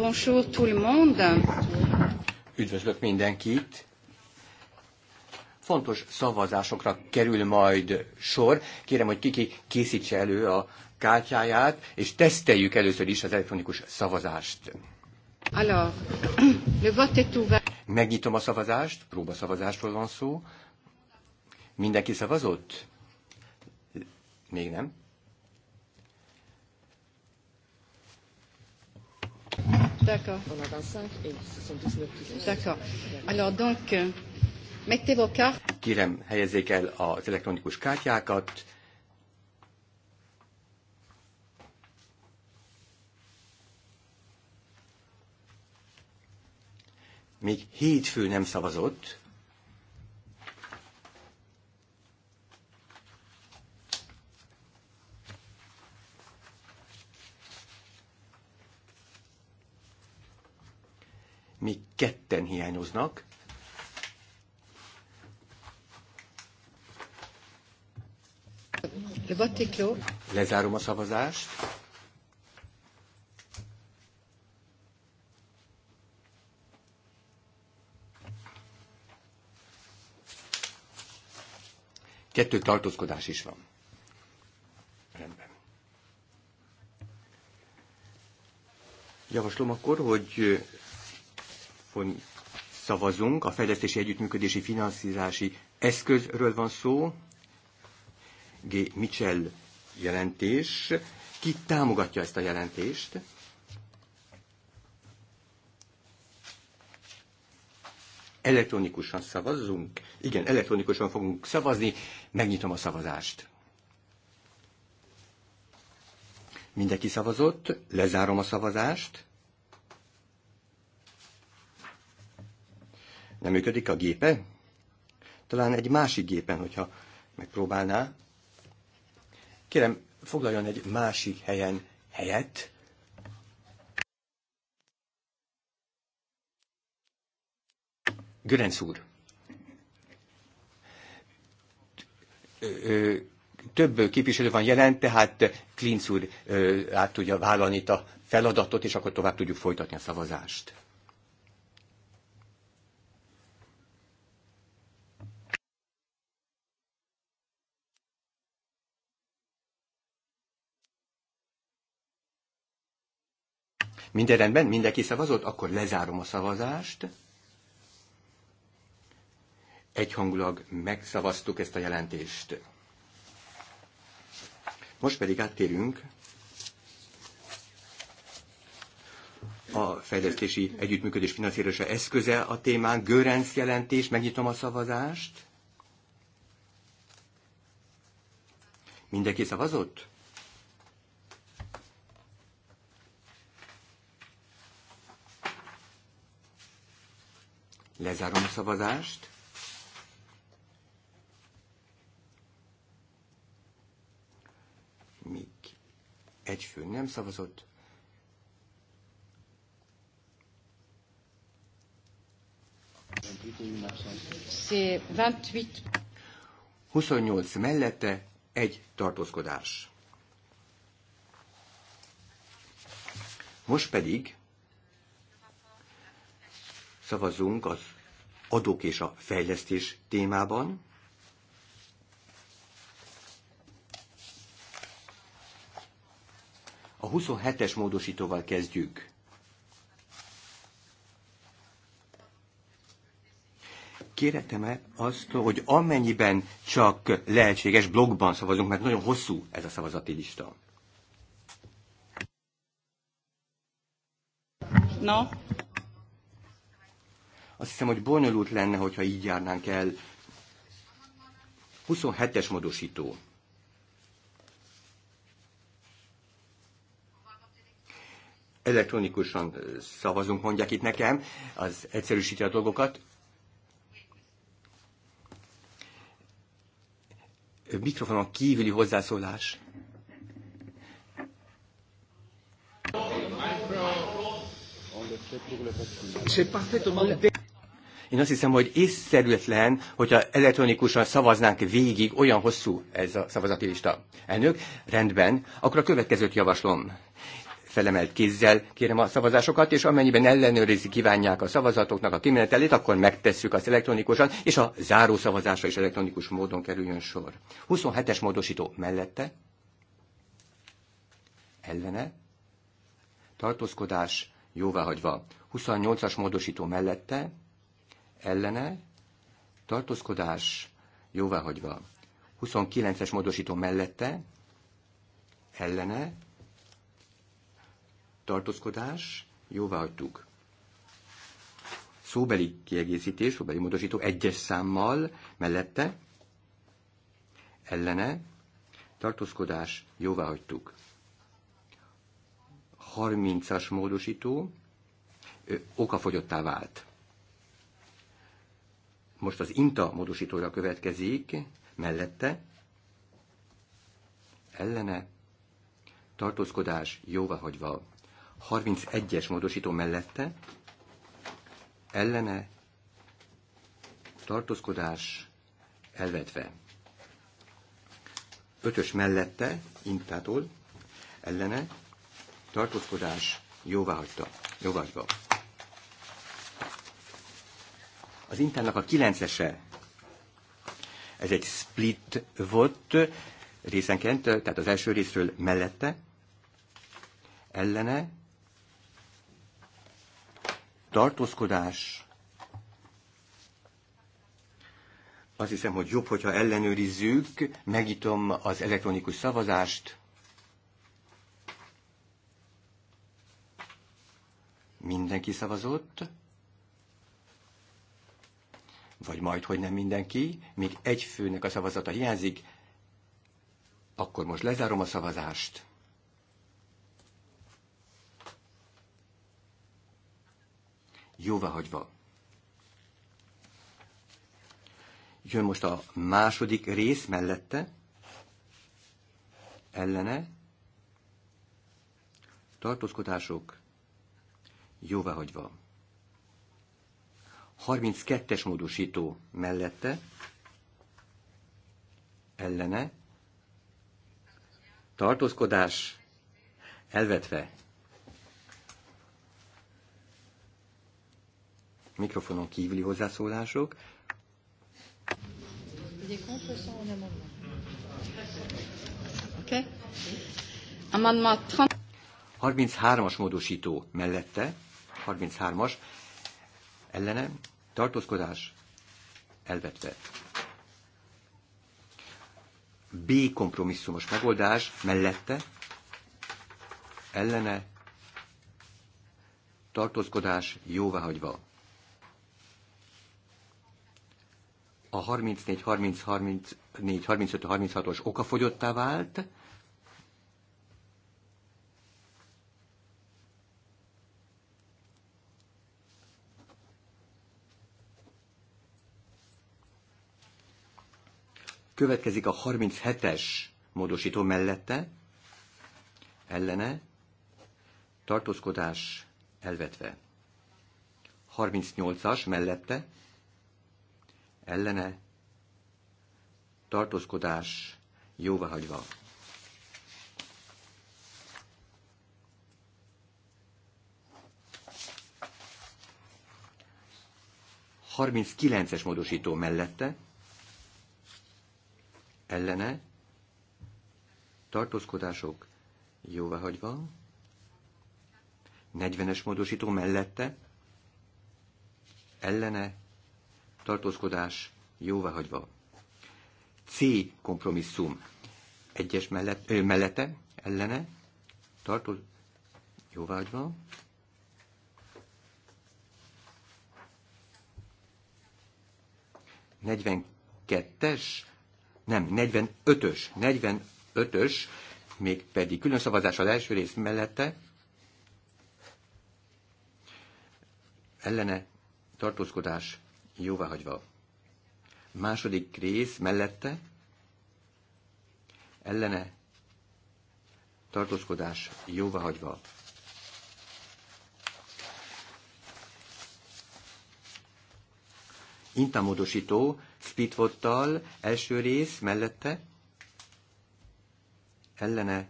Bonjour tout le monde. Üdvözlök mindenkit. Fontos szavazásokra kerül majd sor. Kérem, hogy kiki készítse elő a kártyáját, és teszteljük először is az elektronikus szavazást. Alors, le vote est ouvert. Megnyitom a szavazást, szavazásról van szó. Mindenki szavazott? Még nem. D'accord. On a 25 et 79 qui D'accord. Alors donc, euh, mettez vos cartes. Kérem, helyezzék el az elektronikus kártyákat. Még hétfő nem szavazott, még ketten hiányoznak. Lezárom a szavazást. Kettő tartózkodás is van. Rendben. Javaslom akkor, hogy szavazunk. A fejlesztési együttműködési finanszírozási eszközről van szó. G. Mitchell jelentés. Ki támogatja ezt a jelentést? elektronikusan szavazzunk. Igen, elektronikusan fogunk szavazni. Megnyitom a szavazást. Mindenki szavazott, lezárom a szavazást. Nem működik a gépe? Talán egy másik gépen, hogyha megpróbálná. Kérem, foglaljon egy másik helyen helyet. Görenc úr. több képviselő van jelen, tehát Klinc úr át tudja vállalni a feladatot, és akkor tovább tudjuk folytatni a szavazást. Minden rendben? Mindenki szavazott? Akkor lezárom a szavazást. Egyhangulag megszavaztuk ezt a jelentést. Most pedig áttérünk a fejlesztési együttműködés finanszírozása eszköze a témán. Görenc jelentés, megnyitom a szavazást. Mindenki szavazott? Lezárom a szavazást. Míg egy fő nem szavazott, C'est 28. 28 mellette egy tartózkodás. Most pedig szavazunk az adók és a fejlesztés témában. A 27-es módosítóval kezdjük. Kéretem-e azt, hogy amennyiben csak lehetséges blogban szavazunk, mert nagyon hosszú ez a szavazati lista. Na? Azt hiszem, hogy bonyolult lenne, hogyha így járnánk el. 27-es modosító. Elektronikusan szavazunk, mondják itt nekem, az egyszerűsíti a dolgokat. mikrofonon kívüli hozzászólás. Én azt hiszem, hogy észszerűtlen, hogyha elektronikusan szavaznánk végig, olyan hosszú ez a szavazati lista. Elnök, rendben, akkor a következőt javaslom felemelt kézzel kérem a szavazásokat, és amennyiben ellenőrizi kívánják a szavazatoknak a kimenetelét, akkor megtesszük azt elektronikusan, és a záró szavazásra is elektronikus módon kerüljön sor. 27-es módosító mellette, ellene, tartózkodás jóváhagyva. 28-as módosító mellette, ellene, tartózkodás jóváhagyva. 29-es módosító mellette, ellene, tartózkodás, jóváhagytuk. Szóbeli kiegészítés, szóbeli módosító egyes számmal mellette, ellene, tartózkodás, jóváhagytuk. 30-as módosító, ö, okafogyottá vált. Most az INTA módosítója következik, mellette, ellene, tartózkodás jóváhagyva. 31-es módosító mellette, ellene, tartózkodás elvetve. Ötös mellette, Intától, ellene, tartózkodás jóváhagyta, jóváhagyva. Az Internak a kilencese, ez egy split volt részenként, tehát az első részről mellette, ellene, tartózkodás, azt hiszem, hogy jobb, hogyha ellenőrizzük, megítom az elektronikus szavazást, mindenki szavazott, vagy majd, hogy nem mindenki, még egy főnek a szavazata hiányzik, akkor most lezárom a szavazást. hagyva. Jön most a második rész mellette, ellene, tartózkodások, jóváhagyva. 32-es módosító mellette, ellene, tartózkodás elvetve. Mikrofonon kívüli hozzászólások. Okay. 33-as módosító mellette, 33-as ellenem, tartózkodás elvetve. B kompromisszumos megoldás mellette ellene tartózkodás jóváhagyva. A 34, 34, 35, 36-os okafogyottá vált, Következik a 37-es módosító mellette, ellene, tartózkodás elvetve. 38-as mellette, ellene, tartózkodás jóváhagyva. es módosító mellette, ellene, tartózkodások jóváhagyva, 40-es módosító mellette, ellene, tartózkodás jóváhagyva. C kompromisszum egyes mellett, ö, mellette, ellene, tartoz, jóváhagyva. negyvenkettes nem, 45-ös, 45-ös, pedig külön szavazás az első rész mellette, ellene tartózkodás jóváhagyva. Második rész mellette, ellene tartózkodás jóváhagyva. Intamódosító split első rész mellette, ellene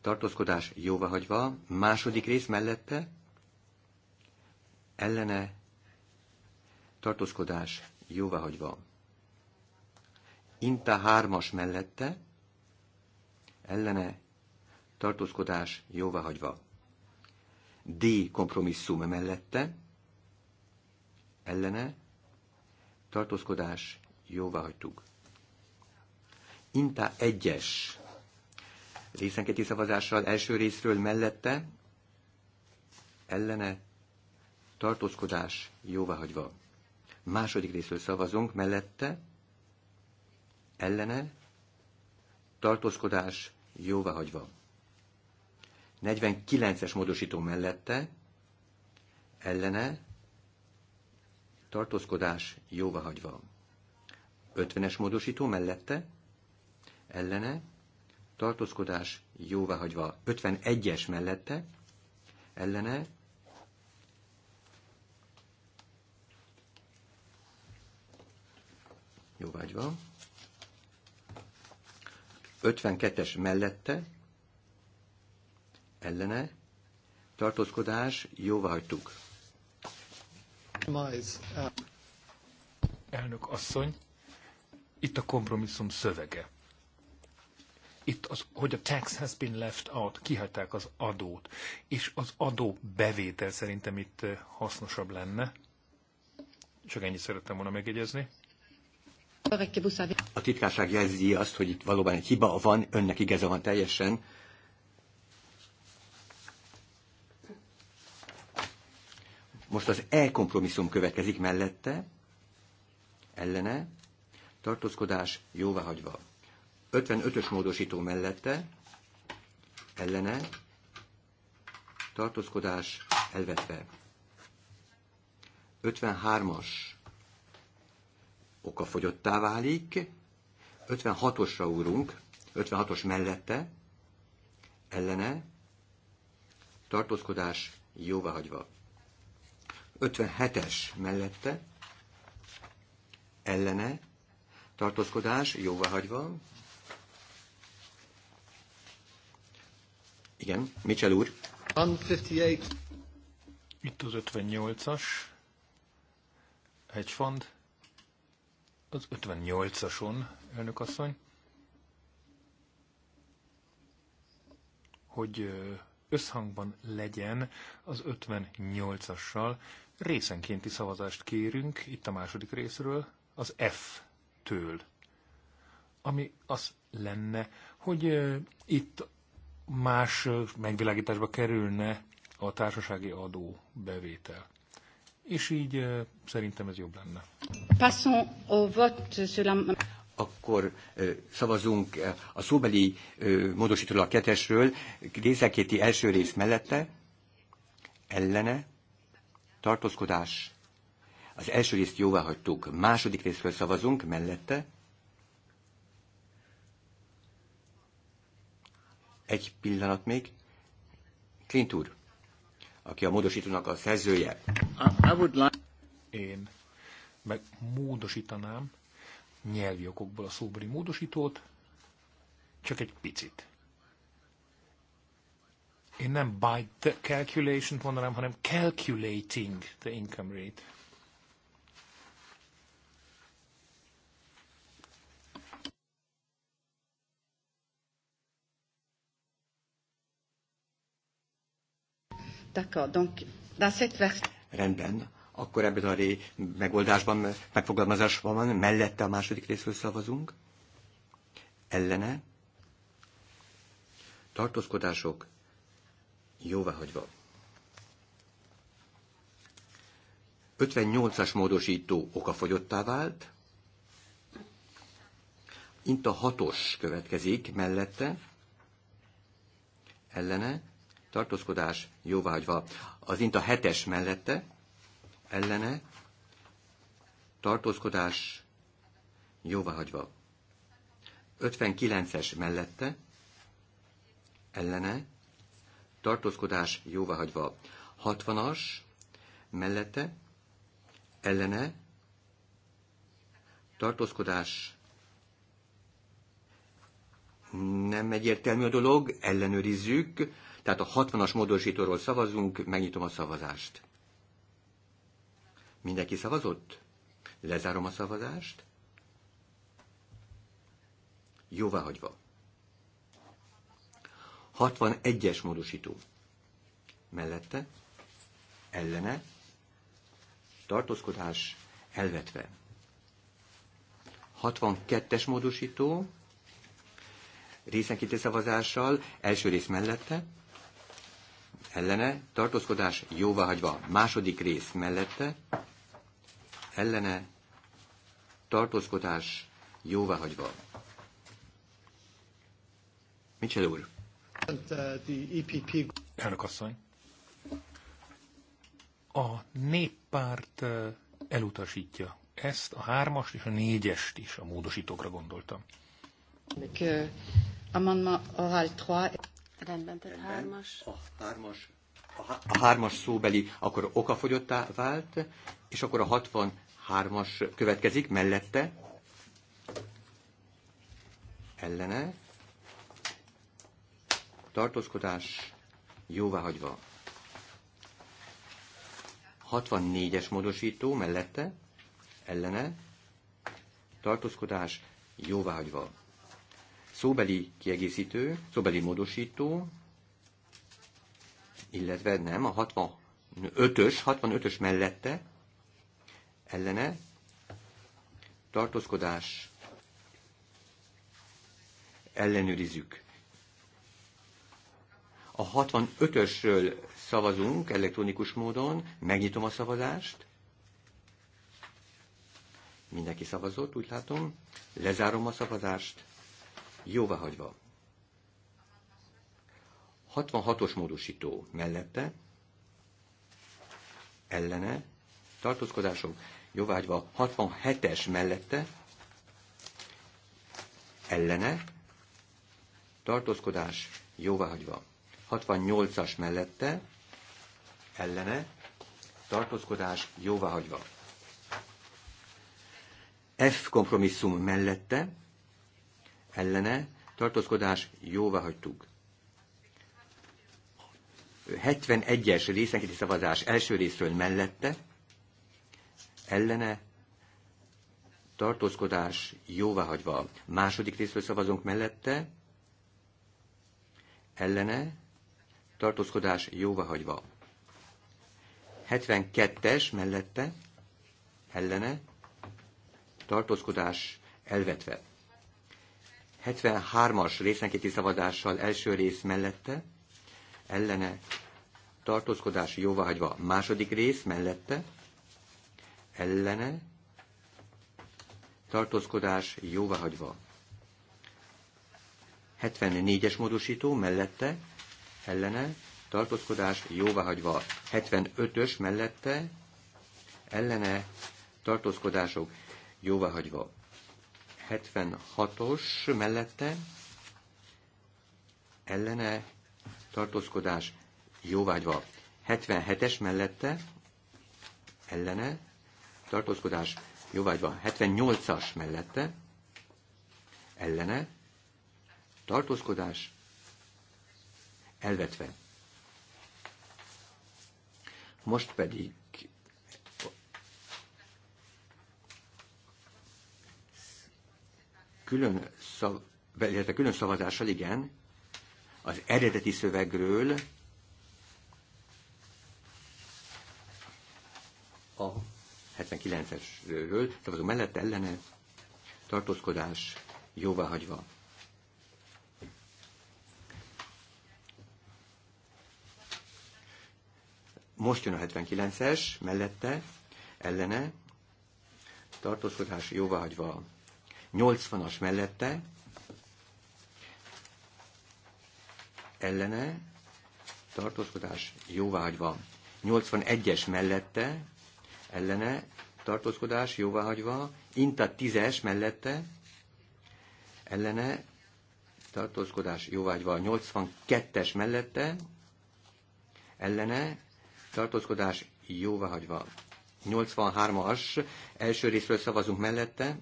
tartózkodás jóvahagyva, második rész mellette, ellene tartózkodás jóvahagyva. Inta hármas mellette, ellene tartózkodás jóvahagyva. D kompromisszum mellette, ellene tartózkodás, jóvá hagytuk. Inta egyes es részenkéti szavazással első részről mellette, ellene, tartózkodás, hagyva. Második részről szavazunk, mellette, ellene, tartózkodás, hagyva. 49-es módosító mellette, ellene, tartózkodás jóvahagyva. 50-es módosító mellette, ellene, tartózkodás jóváhagyva 51-es mellette, ellene, jóváhagyva, 52-es mellette, ellene, tartózkodás jóváhagytuk. Uh, Elnök asszony, itt a kompromisszum szövege. Itt az, hogy a tax has been left out, kihagyták az adót, és az adó bevétel szerintem itt uh, hasznosabb lenne. Csak ennyit szerettem volna megjegyezni. A titkárság jelzi azt, hogy itt valóban egy hiba van, önnek igaza van teljesen, Most az e-kompromisszum következik mellette, ellene, tartózkodás jóváhagyva. 55-ös módosító mellette, ellene, tartózkodás elvetve. 53-as okafogyottá válik, 56-osra úrunk, 56-os mellette, ellene, tartózkodás jóváhagyva. 57-es mellette ellene tartózkodás jóváhagyva. Igen, Mitchell úr. 158. Itt az 58-as hedgefond. Az 58-ason, elnök asszony. Hogy összhangban legyen az 58-assal, részenkénti szavazást kérünk itt a második részről, az F-től. Ami az lenne, hogy itt más megvilágításba kerülne a társasági adó bevétel. És így szerintem ez jobb lenne. Passons au vote sur la... Akkor szavazunk a szóbeli módosítóra a kettesről, részekéti első rész mellette, ellene, tartózkodás. Az első részt jóvá hagytuk, második részről szavazunk, mellette. Egy pillanat még. Clint úr, aki a módosítónak a szerzője. I would like... Én meg módosítanám nyelvi okokból a szóbeli módosítót, csak egy picit. Én nem by the calculation mondanám, hanem calculating the income rate. D'accord, donc dans cette version... Rendben, akkor ebben a ré megoldásban, megfogalmazásban van, mellette a második részről szavazunk, ellene, tartózkodások, Jóváhagyva. 58-as módosító okafogyottá vált. Int a 6-os következik mellette. Ellene. Tartózkodás jóváhagyva. Az int a 7-es mellette. Ellene. Tartózkodás jóváhagyva. 59-es mellette, ellene, tartózkodás jóváhagyva. 60-as mellette ellene tartózkodás nem egyértelmű a dolog, ellenőrizzük, tehát a 60-as módosítóról szavazunk, megnyitom a szavazást. Mindenki szavazott? Lezárom a szavazást. Jóváhagyva. 61-es módosító. Mellette, ellene, tartózkodás elvetve. 62-es módosító, részenkéti szavazással, első rész mellette, ellene, tartózkodás jóváhagyva, második rész mellette, ellene, tartózkodás jóváhagyva. Mitchell úr, Elnök asszony. A néppárt elutasítja ezt, a hármast és a négyest is a módosítókra gondoltam. Rendben, tehát hármas. A hármas, a hármas szóbeli akkor okafogyottá vált, és akkor a 63-as következik mellette. Ellene tartózkodás jóváhagyva. 64-es módosító mellette, ellene, tartózkodás jóváhagyva. Szóbeli kiegészítő, szóbeli módosító, illetve nem, a 65-ös, 65-ös mellette, ellene, tartózkodás ellenőrizzük. A 65-ösről szavazunk elektronikus módon, megnyitom a szavazást. Mindenki szavazott, úgy látom. Lezárom a szavazást. Jóvá hagyva. 66-os módosító mellette, ellene, tartózkodások, jóvágyva 67-es mellette, ellene, tartózkodás, jóváhagyva. 68-as mellette ellene tartózkodás jóváhagyva. F kompromisszum mellette ellene tartózkodás jóváhagytuk. 71-es részenkéti szavazás első részről mellette ellene tartózkodás jóváhagyva. Második részről szavazunk mellette ellene tartózkodás jóvahagyva. 72-es mellette, ellene, tartózkodás elvetve. 73-as részenkéti szavazással első rész mellette, ellene, tartózkodás hagyva. második rész mellette, ellene, tartózkodás hagyva. 74-es módosító mellette, ellene, tartózkodás jóváhagyva. 75-ös mellette, ellene, tartózkodások jóváhagyva. 76-os mellette, ellene, tartózkodás jóvágyva. 77-es mellette, ellene, tartózkodás jóvágyva. 78-as mellette, ellene, tartózkodás elvetve. Most pedig külön, szav, illetve külön szavazással, igen, az eredeti szövegről a 79-esről szavazó mellette ellene tartózkodás jóváhagyva. Most jön a 79-es, mellette, ellene, tartózkodás jóváhagyva. 80-as mellette, ellene, tartózkodás jóváhagyva. 81-es mellette, ellene, tartózkodás jóváhagyva. Inta 10-es mellette, ellene, tartózkodás jóváhagyva, 82-es mellette, ellene tartózkodás jóváhagyva. 83-as első részről szavazunk mellette,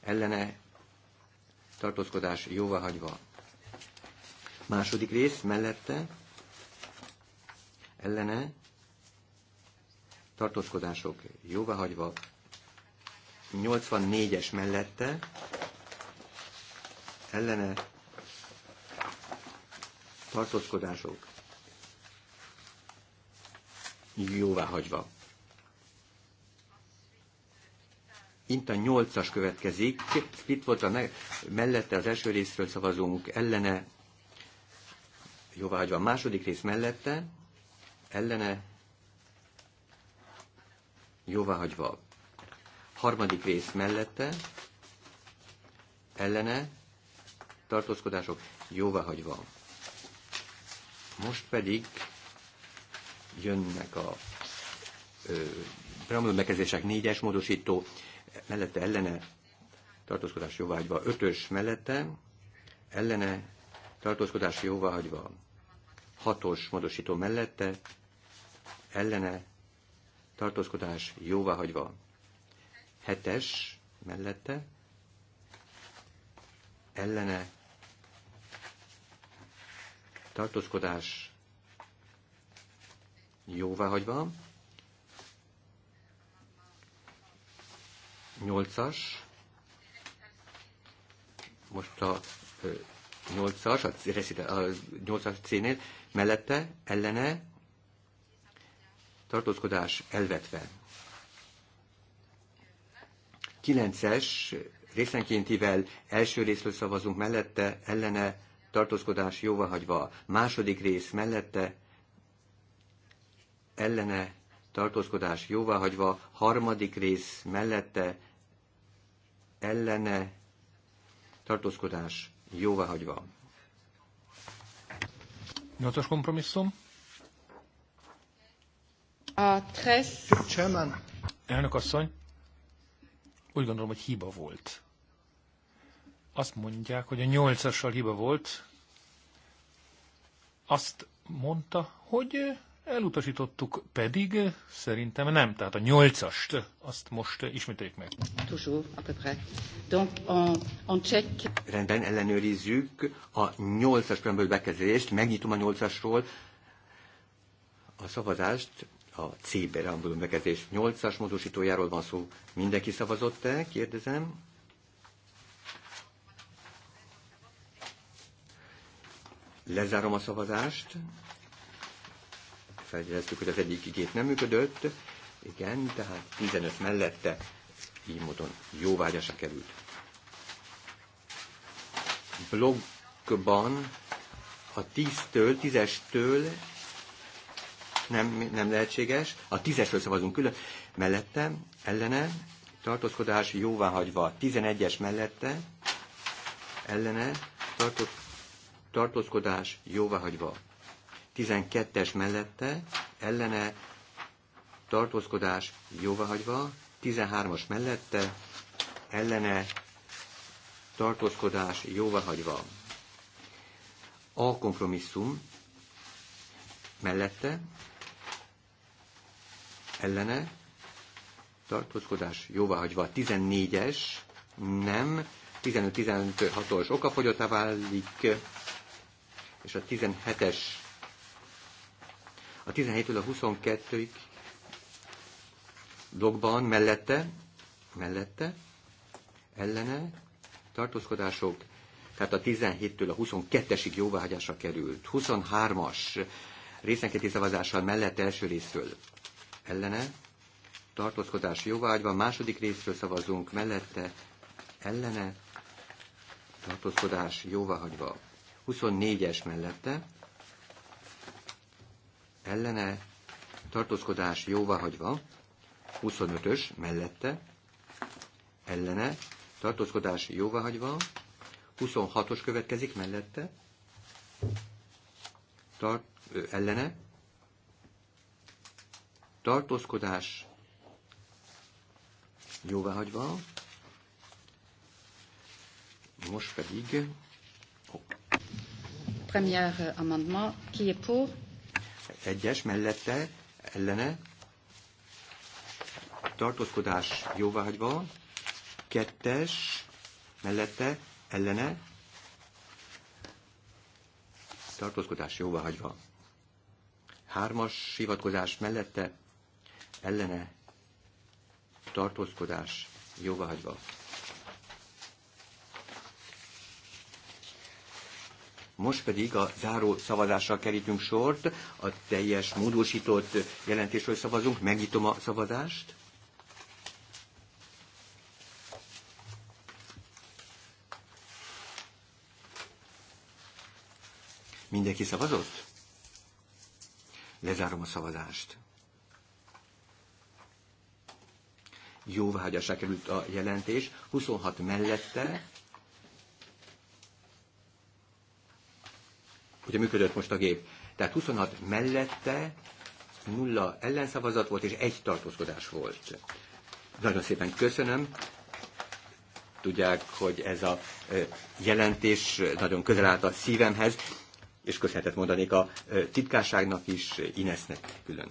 ellene tartózkodás jóváhagyva. Második rész mellette, ellene tartózkodások jóváhagyva. 84-es mellette, ellene tartózkodások jóvá hagyva. Inta 8-as következik, itt volt a me- mellette az első részről szavazunk, ellene jóvá hagyva a második rész mellette, ellene jóvá hagyva harmadik rész mellette, ellene tartózkodások hagyva. Most pedig jönnek a preambulum megkezdések négyes módosító, mellette ellene tartózkodás jóváhagyva, ötös mellette ellene tartózkodás jóváhagyva, hatos módosító mellette ellene tartózkodás jóváhagyva, hetes mellette ellene tartózkodás jóváhagyva. hagyva. Nyolcas. Most a nyolcas, a nyolcas cénél mellette, ellene, tartózkodás elvetve. Kilences részenkéntivel első részről szavazunk mellette, ellene, tartózkodás jóváhagyva. Második rész mellette, ellene tartózkodás jóváhagyva, harmadik rész mellette ellene tartózkodás jóváhagyva. Nyolcas kompromisszum. A tres Chairman. Elnök asszony, úgy gondolom, hogy hiba volt. Azt mondják, hogy a nyolcassal hiba volt. Azt mondta, hogy Elutasítottuk pedig, szerintem nem, tehát a nyolcast, azt most ismételjük meg. Toujours, à peu près. Donc, on, on check. Rendben, ellenőrizzük a nyolcas különböző bekezdést, megnyitom a nyolcasról a szavazást, a C preambulum bekezdés 8-as módosítójáról van szó. Mindenki szavazott-e? Kérdezem. Lezárom a szavazást felfedeztük, hogy az egyik igét nem működött. Igen, tehát 15 mellette így módon jóvágyásra került. Blogban a 10-től, 10-estől nem, nem lehetséges. A 10-esről szavazunk külön. Mellette, ellene, tartózkodás jóváhagyva. 11-es mellette, ellene, tartó, tartózkodás jóváhagyva. 12-es mellette ellene tartózkodás jóváhagyva, 13-as mellette ellene tartózkodás jóváhagyva. A kompromisszum mellette ellene tartózkodás jóváhagyva 14-es, nem, 15-16-os okafogyottá válik, és a 17-es a 17-től a 22-ig blogban mellette, mellette, ellene, tartózkodások, tehát a 17-től a 22-esig jóváhagyásra került. 23-as részenkéti szavazással mellett első részről ellene, tartózkodás jóvágyva, második részről szavazunk mellette, ellene, tartózkodás jóváhagyva. 24-es mellette, ellene tartózkodás jóváhagyva, 25-ös mellette ellene tartózkodás jóváhagyva, 26-os következik mellette, tart, ö, ellene, tartózkodás jóváhagyva, most pedig... Oh. Premier amendement, qui est pour? egyes mellette ellene tartózkodás jóváhagyva, kettes mellette ellene tartózkodás jóváhagyva. Hármas hivatkozás mellette ellene tartózkodás jóváhagyva. Most pedig a záró szavazással kerítünk sort, a teljes módosított jelentésről szavazunk, megnyitom a szavazást. Mindenki szavazott? Lezárom a szavazást. Jóváhagyásra került a jelentés, 26 mellette, Ugye működött most a gép. Tehát 26 mellette nulla ellenszavazat volt, és egy tartózkodás volt. Nagyon szépen köszönöm. Tudják, hogy ez a jelentés nagyon közel állt a szívemhez, és köszönetet mondanék a titkárságnak is, Inesnek külön.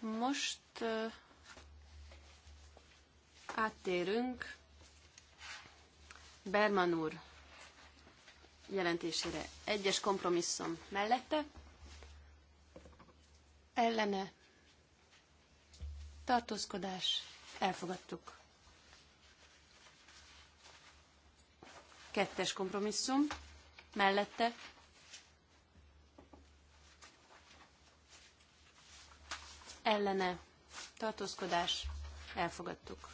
Most áttérünk Berman úr jelentésére egyes kompromisszum mellette, ellene tartózkodás elfogadtuk. Kettes kompromisszum mellette ellene tartózkodás elfogadtuk.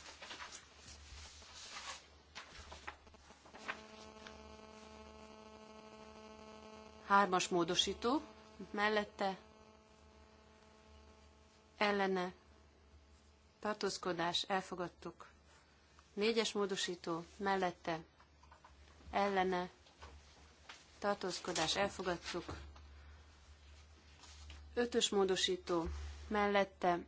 Hármas módosító, mellette ellene tartózkodás, elfogadtuk. Négyes módosító, mellette ellene tartózkodás, elfogadtuk. Ötös módosító, mellette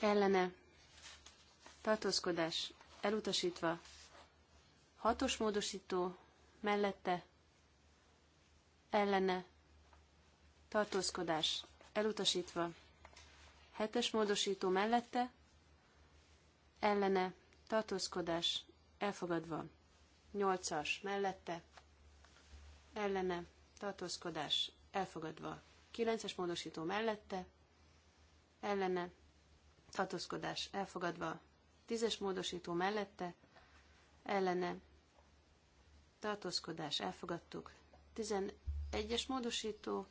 ellene tartózkodás, elutasítva. Hatos módosító mellette ellene tartózkodás elutasítva. Hetes módosító mellette ellene tartózkodás elfogadva. Nyolcas mellette ellene tartózkodás elfogadva. Kilences módosító mellette ellene tartózkodás elfogadva. Tízes módosító mellette ellene tartózkodás elfogadtuk. 11-es módosító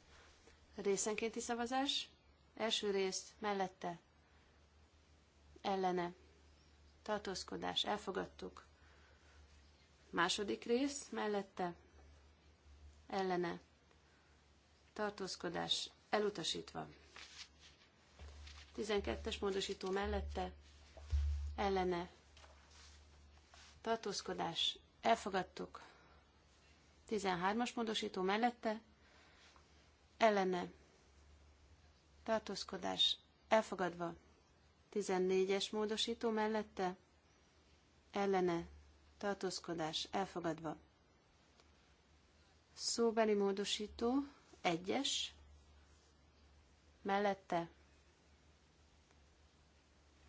részenkénti szavazás. Első rész mellette ellene tartózkodás elfogadtuk. Második rész mellette ellene tartózkodás elutasítva. 12-es módosító mellette ellene tartózkodás elfogadtuk. 13-as módosító mellette ellene tartózkodás elfogadva. 14-es módosító mellette ellene tartózkodás elfogadva. Szóbeli módosító 1-es mellette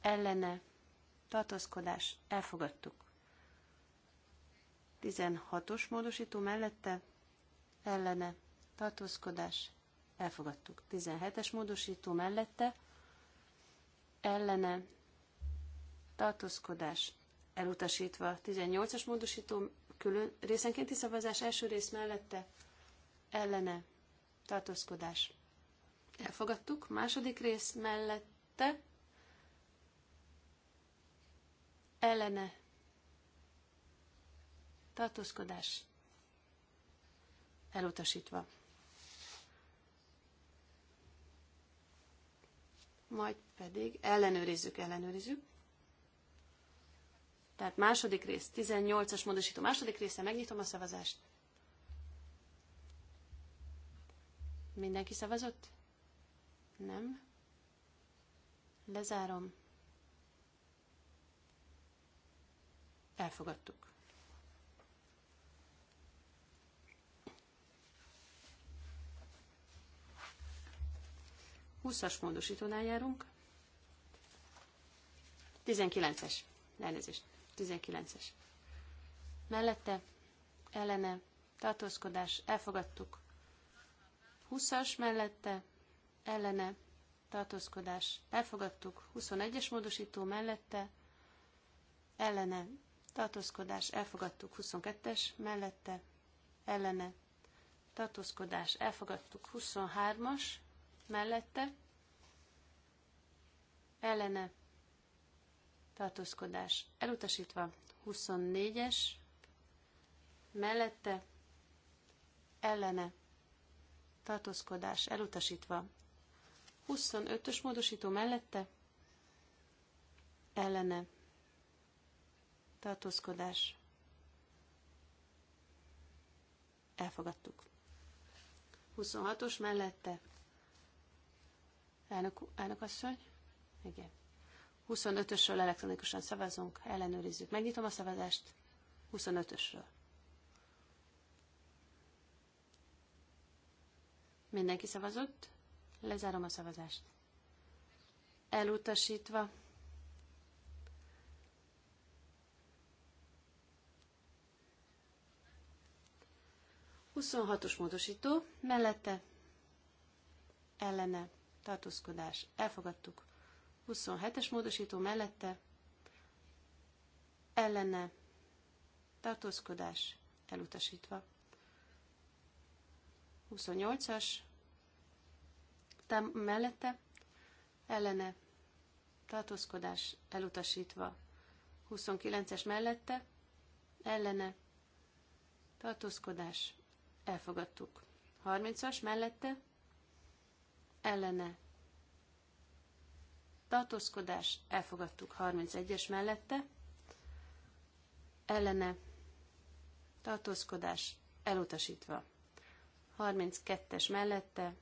ellene tartózkodás, elfogadtuk. 16-os módosító mellette, ellene, tartózkodás, elfogadtuk. 17-es módosító mellette, ellene, tartózkodás, elutasítva. 18-as módosító külön részenkénti szavazás első rész mellette, ellene, tartózkodás, elfogadtuk. Második rész mellette, ellene tartózkodás elutasítva. Majd pedig ellenőrizzük, ellenőrizzük. Tehát második rész, 18-as módosító második része, megnyitom a szavazást. Mindenki szavazott? Nem. Lezárom. Elfogadtuk. Húszas módosítónál járunk. 19-es. Elnézést. 19-es. Mellette, ellene, tartózkodás, elfogadtuk. 20-as mellette, ellene, tartózkodás, elfogadtuk. 21-es módosító mellette, ellene, tartózkodás, elfogadtuk 22-es, mellette, ellene, tartózkodás, elfogadtuk 23-as, mellette, ellene, tartózkodás, elutasítva 24-es, mellette, ellene, tartózkodás, elutasítva 25-ös módosító mellette, ellene, tartózkodás, elfogadtuk. 26-os mellette, elnök, elnök asszony, igen. 25-ösről elektronikusan szavazunk, ellenőrizzük. Megnyitom a szavazást 25-ösről. Mindenki szavazott? Lezárom a szavazást. Elutasítva. 26-os módosító, mellette ellene tartózkodás, elfogadtuk. 27-es módosító mellette ellene tartózkodás, elutasítva. 28-as mellette ellene tartózkodás, elutasítva. 29-es mellette ellene tartózkodás, elfogadtuk. 30-as mellette ellene tartózkodás, elfogadtuk 31-es mellette, ellene tartózkodás elutasítva. 32-es mellette,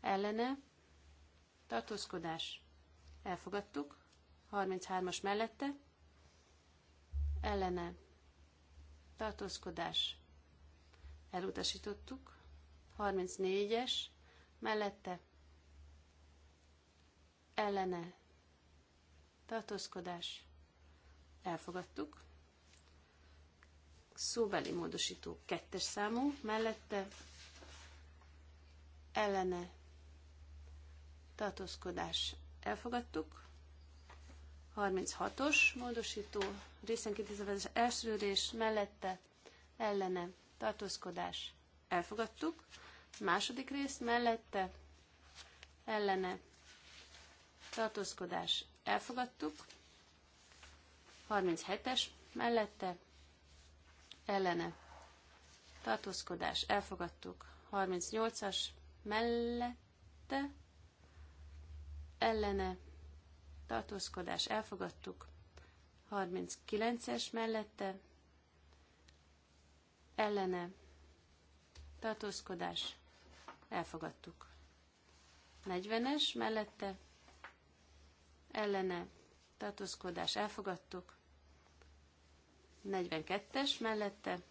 ellene tartózkodás elfogadtuk, 33-as mellette, ellene tartózkodás elutasítottuk. 34-es, mellette ellene tartózkodás, elfogadtuk. Szóbeli módosító kettes számú, mellette ellene tartózkodás, elfogadtuk. 36-os módosító részenként első rész mellette ellene tartózkodás elfogadtuk. Második rész mellette ellene tartózkodás elfogadtuk. 37-es mellette ellene tartózkodás elfogadtuk. 38-as mellette ellene tartózkodás elfogadtuk. 39-es mellette ellene, tartózkodás, elfogadtuk. 40-es mellette, ellene, tartózkodás, elfogadtuk. 42-es mellette,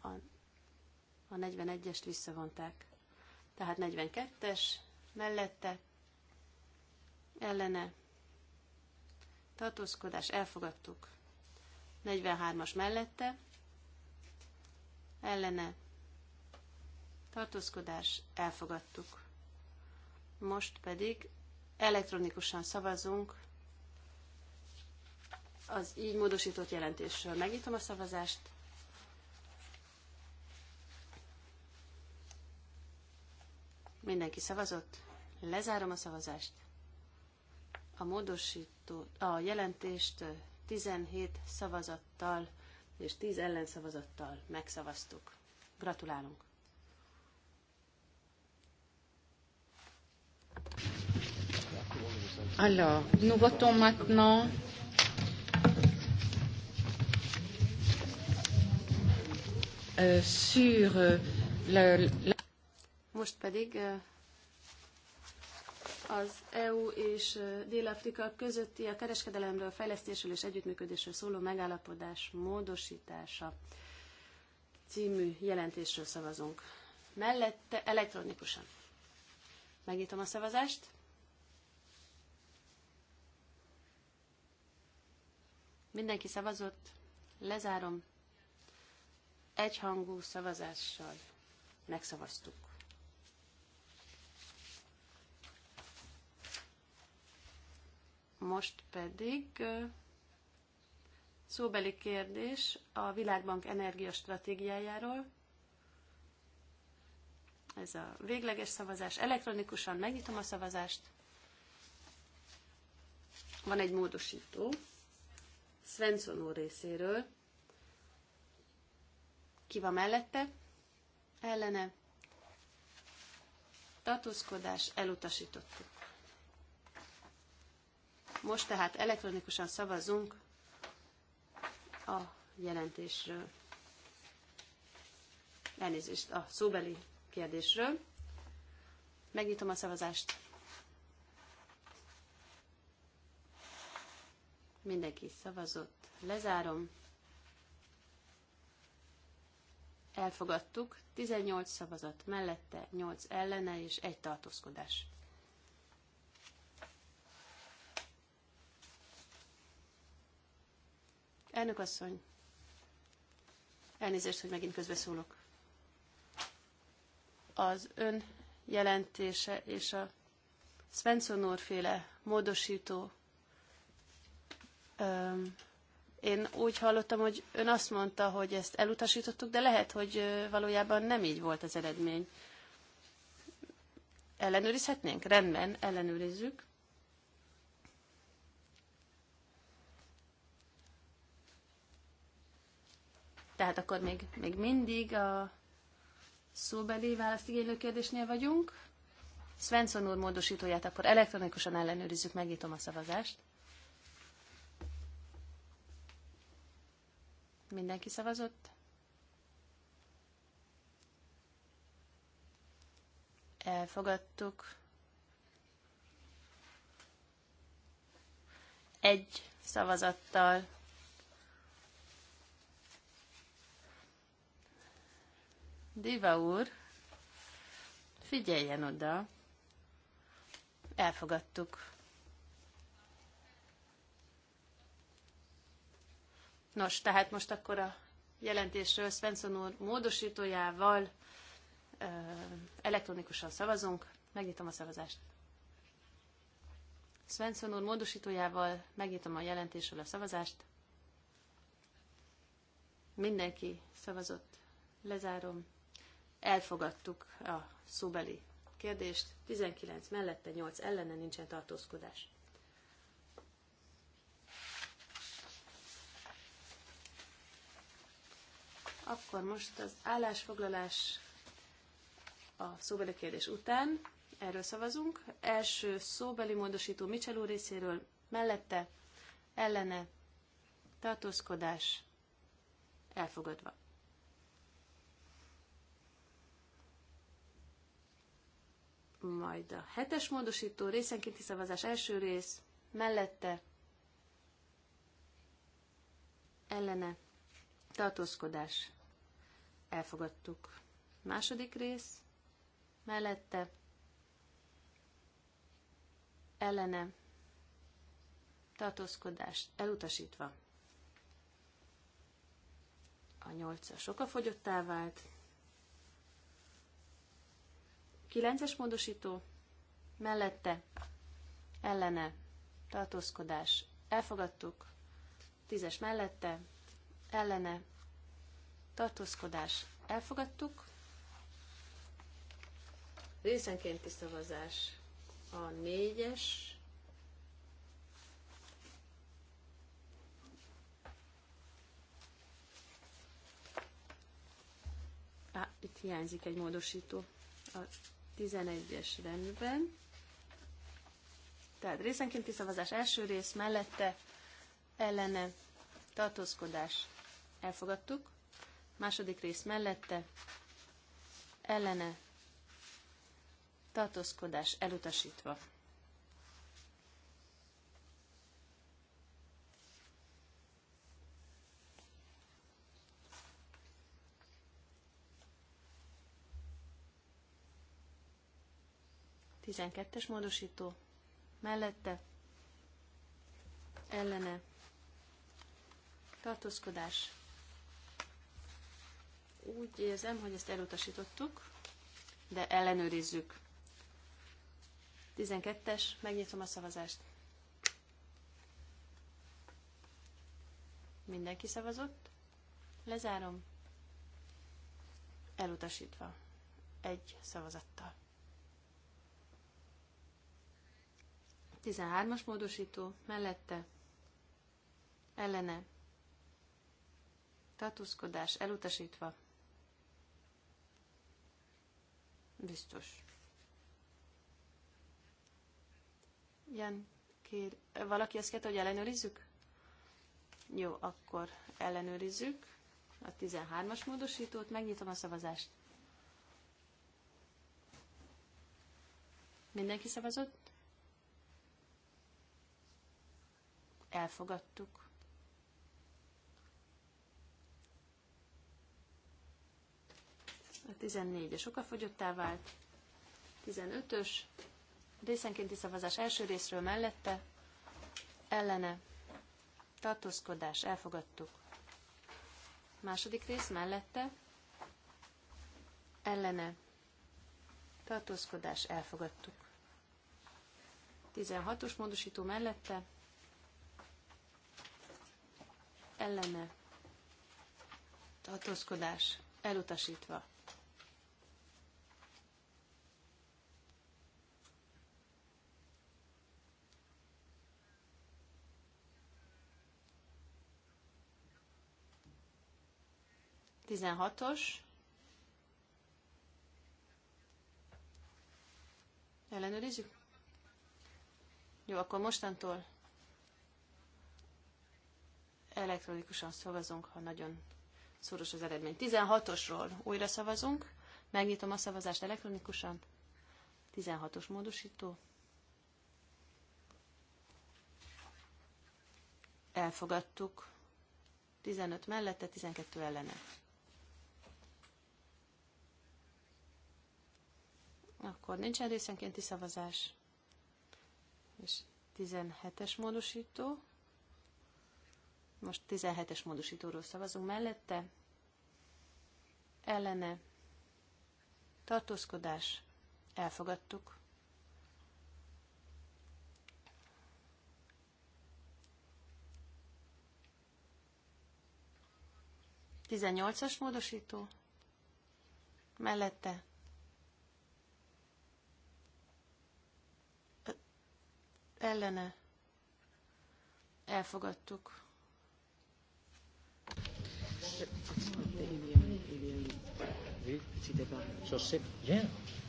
a, a 41-est visszavonták. Tehát 42-es mellette, ellene, tartózkodás, elfogadtuk. 43-as mellette, ellene, tartózkodás, elfogadtuk. Most pedig elektronikusan szavazunk az így módosított jelentésről. Megnyitom a szavazást. Mindenki szavazott? Lezárom a szavazást. A módosító, a jelentést 17 szavazattal és 10 ellenszavazattal megszavaztuk. Gratulálunk! Alors, nous votons maintenant euh, sur euh, le, le... Most pedig euh, az EU és Dél-Afrika közötti a kereskedelemről, fejlesztésről és együttműködésről szóló megállapodás módosítása című jelentésről szavazunk. Mellette elektronikusan. Megnyitom a szavazást. Mindenki szavazott. Lezárom. Egyhangú szavazással megszavaztuk. Most pedig szóbeli kérdés a Világbank energiastratégiájáról. Ez a végleges szavazás. Elektronikusan megnyitom a szavazást. Van egy módosító Svensson úr részéről. Ki van mellette? Ellene. Tartózkodás elutasítottuk. Most tehát elektronikusan szavazunk a jelentésről. Elnézést, a szóbeli kérdésről. Megnyitom a szavazást. Mindenki szavazott. Lezárom. Elfogadtuk. 18 szavazat mellette, 8 ellene és egy tartózkodás. Elnök asszony, elnézést, hogy megint közbeszólok. Az ön jelentése és a Svensson féle módosító. Öm, én úgy hallottam, hogy ön azt mondta, hogy ezt elutasítottuk, de lehet, hogy valójában nem így volt az eredmény. Ellenőrizhetnénk? Rendben, ellenőrizzük. Tehát akkor még, még mindig a szóbeli választigénylő kérdésnél vagyunk. Svensson úr módosítóját akkor elektronikusan ellenőrizzük, megnyitom a szavazást. Mindenki szavazott? Elfogadtuk. Egy szavazattal Diva úr, figyeljen oda. Elfogadtuk. Nos, tehát most akkor a jelentésről Svensson úr módosítójával elektronikusan szavazunk. Megnyitom a szavazást. Svensson úr módosítójával megnyitom a jelentésről a szavazást. Mindenki szavazott. Lezárom. Elfogadtuk a szóbeli kérdést. 19 mellette, 8 ellene nincsen tartózkodás. Akkor most az állásfoglalás a szóbeli kérdés után. Erről szavazunk. Első szóbeli módosító Michel részéről mellette, ellene, tartózkodás, elfogadva. majd a hetes módosító részenkénti szavazás első rész, mellette, ellene, tartózkodás, elfogadtuk. Második rész, mellette, ellene, tartózkodás, elutasítva. A nyolcas sokafogyottá vált, 9-es módosító mellette ellene tartózkodás elfogadtuk, 10-es mellette ellene tartózkodás elfogadtuk, részenkénti szavazás a 4-es, Á, itt hiányzik egy módosító. A 11-es rendben. Tehát részenkénti szavazás első rész mellette ellene tartózkodás elfogadtuk. Második rész mellette ellene tartózkodás elutasítva. 12-es módosító mellette ellene tartózkodás. Úgy érzem, hogy ezt elutasítottuk, de ellenőrizzük. 12-es, megnyitom a szavazást. Mindenki szavazott? Lezárom. Elutasítva. Egy szavazattal. 13-as módosító mellette ellene tartózkodás elutasítva. Biztos. Jan, kér, valaki azt kérte, hogy ellenőrizzük? Jó, akkor ellenőrizzük a 13-as módosítót, megnyitom a szavazást. Mindenki szavazott? elfogadtuk. A 14-es okafogyottá vált, 15-ös részenkénti szavazás első részről mellette, ellene, tartózkodás, elfogadtuk. Második rész mellette, ellene, tartózkodás, elfogadtuk. 16-os módosító mellette, ellene tartózkodás elutasítva. Tizenhatos. Ellenőrizzük? Jó, akkor mostantól elektronikusan szavazunk, ha nagyon szoros az eredmény. 16-osról újra szavazunk, megnyitom a szavazást elektronikusan, 16-os módosító. Elfogadtuk. 15 mellette, 12 ellene. Akkor nincsen részenkénti szavazás. És 17-es módosító. Most 17-es módosítóról szavazunk mellette. Ellene. Tartózkodás. Elfogadtuk. Tizennyolcas módosító. Mellette. Ellene. Elfogadtuk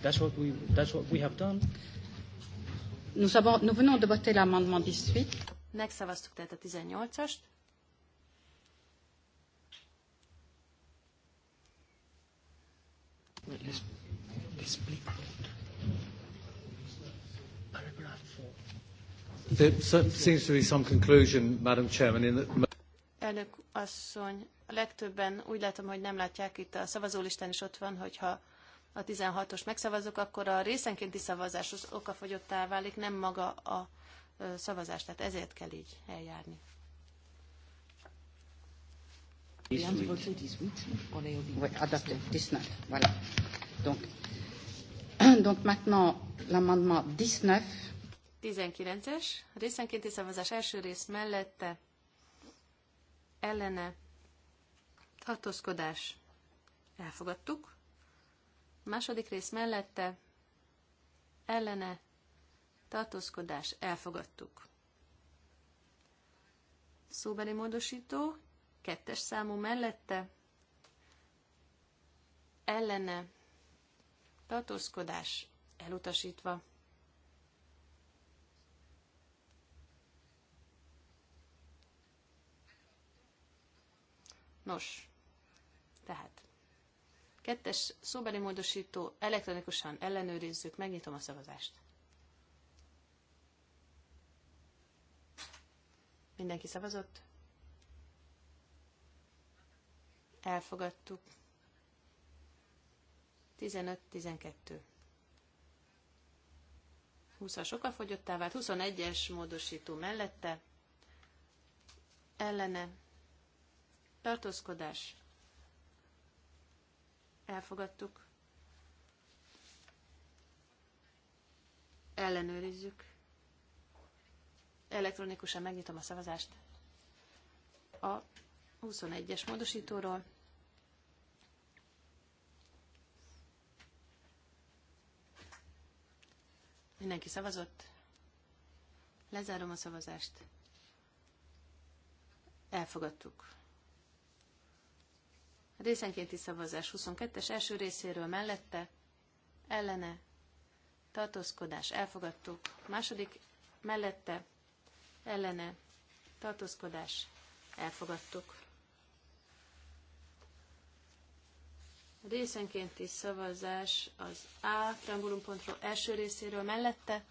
that's what we, that's what we have done. Megszavaztuk tehát a 18-ast. There seems to be some conclusion, Madam Chairman, in that asszony, a legtöbben úgy látom, hogy nem látják itt a szavazólistán is ott van, hogyha a 16-os megszavazok, akkor a részenkénti szavazás az okafogyottá válik, nem maga a szavazás. Tehát ezért kell így eljárni. Oui, 19, donc maintenant, l'amendement 19. 19-es, részenkénti szavazás első rész mellette ellene tartózkodás elfogadtuk. Második rész mellette ellene tartózkodás elfogadtuk. Szóbeli módosító kettes számú mellette ellene tartózkodás elutasítva. Nos, tehát kettes szóbeli módosító, elektronikusan ellenőrizzük, megnyitom a szavazást. Mindenki szavazott? Elfogadtuk. 15-12. 20-as okafogyottá vált, 21-es módosító mellette, ellene Tartózkodás. Elfogadtuk. Ellenőrizzük. Elektronikusan megnyitom a szavazást. A 21-es módosítóról. Mindenki szavazott? Lezárom a szavazást. Elfogadtuk. Részenkénti szavazás 22-es első részéről mellette, ellene, tartózkodás elfogadtuk. Második mellette, ellene, tartózkodás elfogadtuk. Részenkénti szavazás az A preambulumpontról első részéről mellette,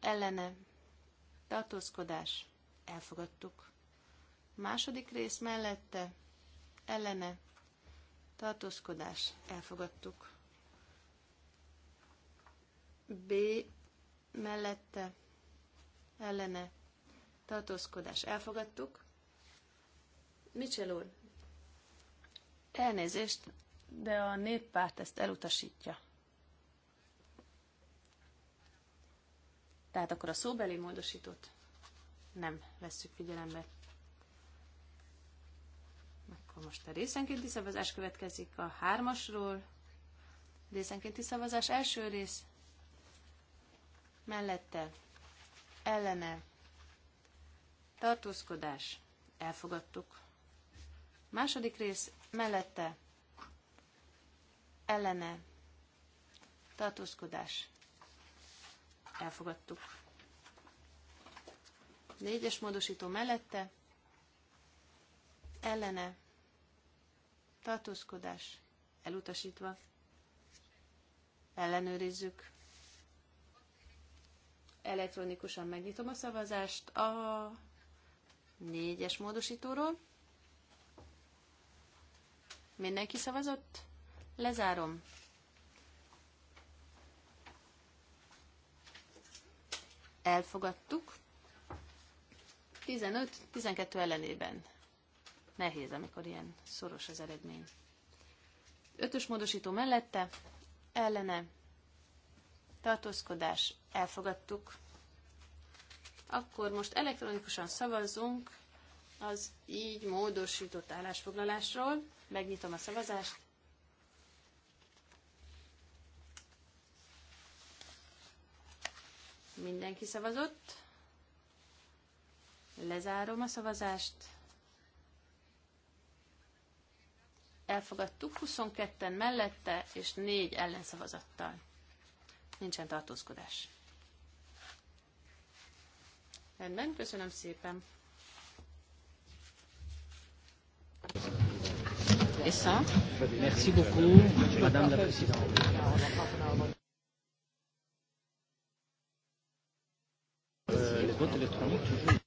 ellene, tartózkodás elfogadtuk. Második rész mellette, ellene, tartózkodás, elfogadtuk. B mellette, ellene, tartózkodás, elfogadtuk. Mitchell úr, elnézést, de a néppárt ezt elutasítja. Tehát akkor a szóbeli módosítót nem vesszük figyelembe. Akkor most a részenkénti szavazás következik a hármasról. Részenkénti szavazás első rész. Mellette. Ellene. Tartózkodás. Elfogadtuk. Második rész. Mellette. Ellene. Tartózkodás. Elfogadtuk. Négyes módosító mellette. Ellene tartózkodás elutasítva, ellenőrizzük. Elektronikusan megnyitom a szavazást a négyes módosítóról. Mindenki szavazott? Lezárom. Elfogadtuk. 15-12 ellenében. Nehéz, amikor ilyen szoros az eredmény. Ötös módosító mellette, ellene, tartózkodás, elfogadtuk. Akkor most elektronikusan szavazzunk az így módosított állásfoglalásról. Megnyitom a szavazást. Mindenki szavazott. Lezárom a szavazást. elfogadtuk 22-en mellette és 4 ellenszavazattal. Nincsen tartózkodás. Rendben, köszönöm szépen. Et ça Merci beaucoup, Madame la Présidente. Euh, les votes électroniques toujours.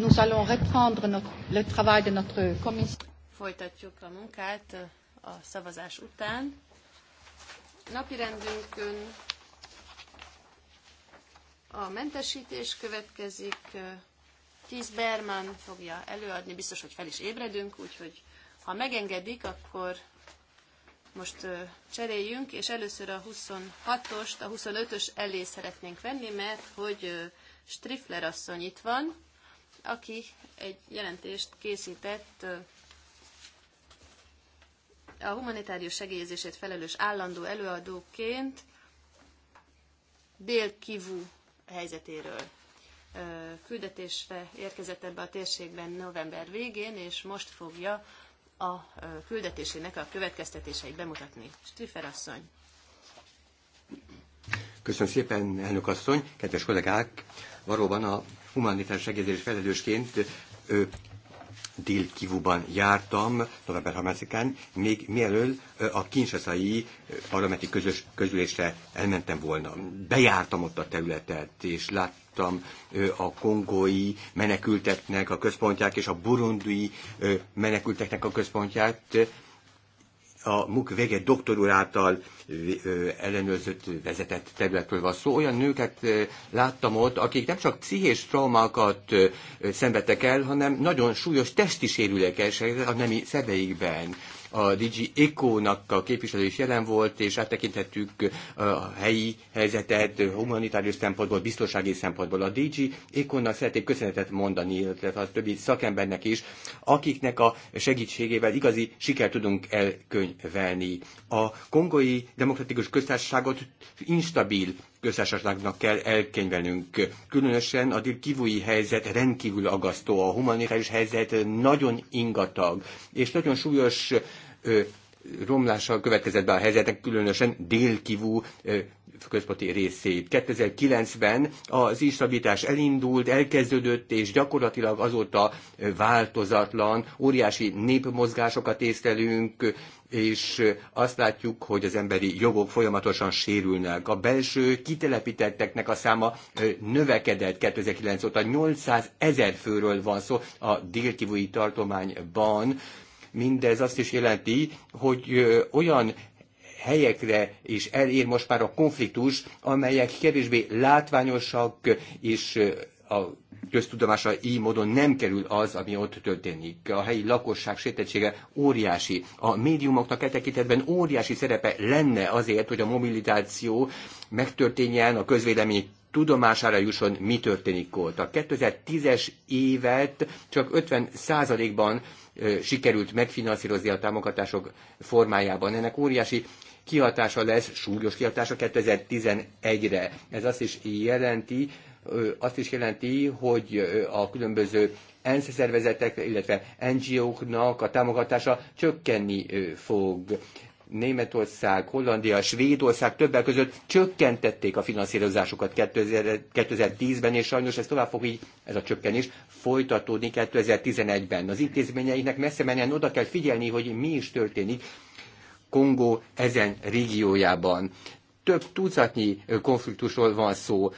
Nous allons reprendre notre, le travail de notre commission. Folytatjuk a munkát a szavazás után. Napirendünkön a mentesítés következik. Tíz Berman fogja előadni, biztos, hogy fel is ébredünk, úgyhogy ha megengedik, akkor most cseréljünk, és először a 26-ost, a 25-ös elé szeretnénk venni, mert hogy Strifler asszony itt van, aki egy jelentést készített a humanitárius segélyezését felelős állandó előadóként Dél-Kivu helyzetéről küldetésre érkezett ebbe a térségben november végén, és most fogja a küldetésének a következtetéseit bemutatni. Stifer asszony. Köszönöm szépen, elnök asszony, kedves kollégák! Valóban a humanitárs segítés felelősként Dél-Kivuban jártam, november 3-án, még mielől a kinsaszai parlamenti közös közülésre elmentem volna. Bejártam ott a területet, és láttam a kongói menekülteknek a központját, és a burundui menekülteknek a központját, a MUK vége doktor úr által ellenőrzött, vezetett területről van szó. Olyan nőket láttam ott, akik nem csak pszichés traumákat szenvedtek el, hanem nagyon súlyos testi sérülékenységet a nemi szerveikben a DG Eco-nak a képviselő is jelen volt, és áttekinthettük a helyi helyzetet humanitárius szempontból, biztonsági szempontból. A DG Eco-nak szeretnék köszönetet mondani, illetve a többi szakembernek is, akiknek a segítségével igazi sikert tudunk elkönyvelni. A kongói demokratikus köztársaságot instabil köztársaságnak kell elkönyvelnünk. Különösen a kivúi helyzet rendkívül agasztó, a humanitárius helyzet nagyon ingatag, és nagyon súlyos ö, romlással következett be a helyzetnek, különösen délkivú központi részét. 2009-ben az instabilitás elindult, elkezdődött, és gyakorlatilag azóta változatlan, óriási népmozgásokat észlelünk, és azt látjuk, hogy az emberi jogok folyamatosan sérülnek. A belső kitelepítetteknek a száma növekedett 2009 óta, 800 ezer főről van szó a délkivúi tartományban mindez azt is jelenti, hogy olyan helyekre is elér most már a konfliktus, amelyek kevésbé látványosak és a köztudomásra így módon nem kerül az, ami ott történik. A helyi lakosság sétettsége óriási. A médiumoknak e tekintetben óriási szerepe lenne azért, hogy a mobilitáció megtörténjen, a közvélemény tudomására jusson, mi történik ott. A 2010-es évet csak 50%-ban sikerült megfinanszírozni a támogatások formájában. Ennek óriási kihatása lesz, súlyos kihatása 2011-re. Ez azt is jelenti, azt is jelenti, hogy a különböző ENSZ szervezetek, illetve NGO-knak a támogatása csökkenni fog. Németország, Hollandia, Svédország többek között csökkentették a finanszírozásukat 2010-ben, és sajnos ez tovább fog így, ez a csökkenés folytatódni 2011-ben. Az intézményeinek messze menjen oda kell figyelni, hogy mi is történik, Kongó ezen régiójában. Több tucatnyi konfliktusról van szó,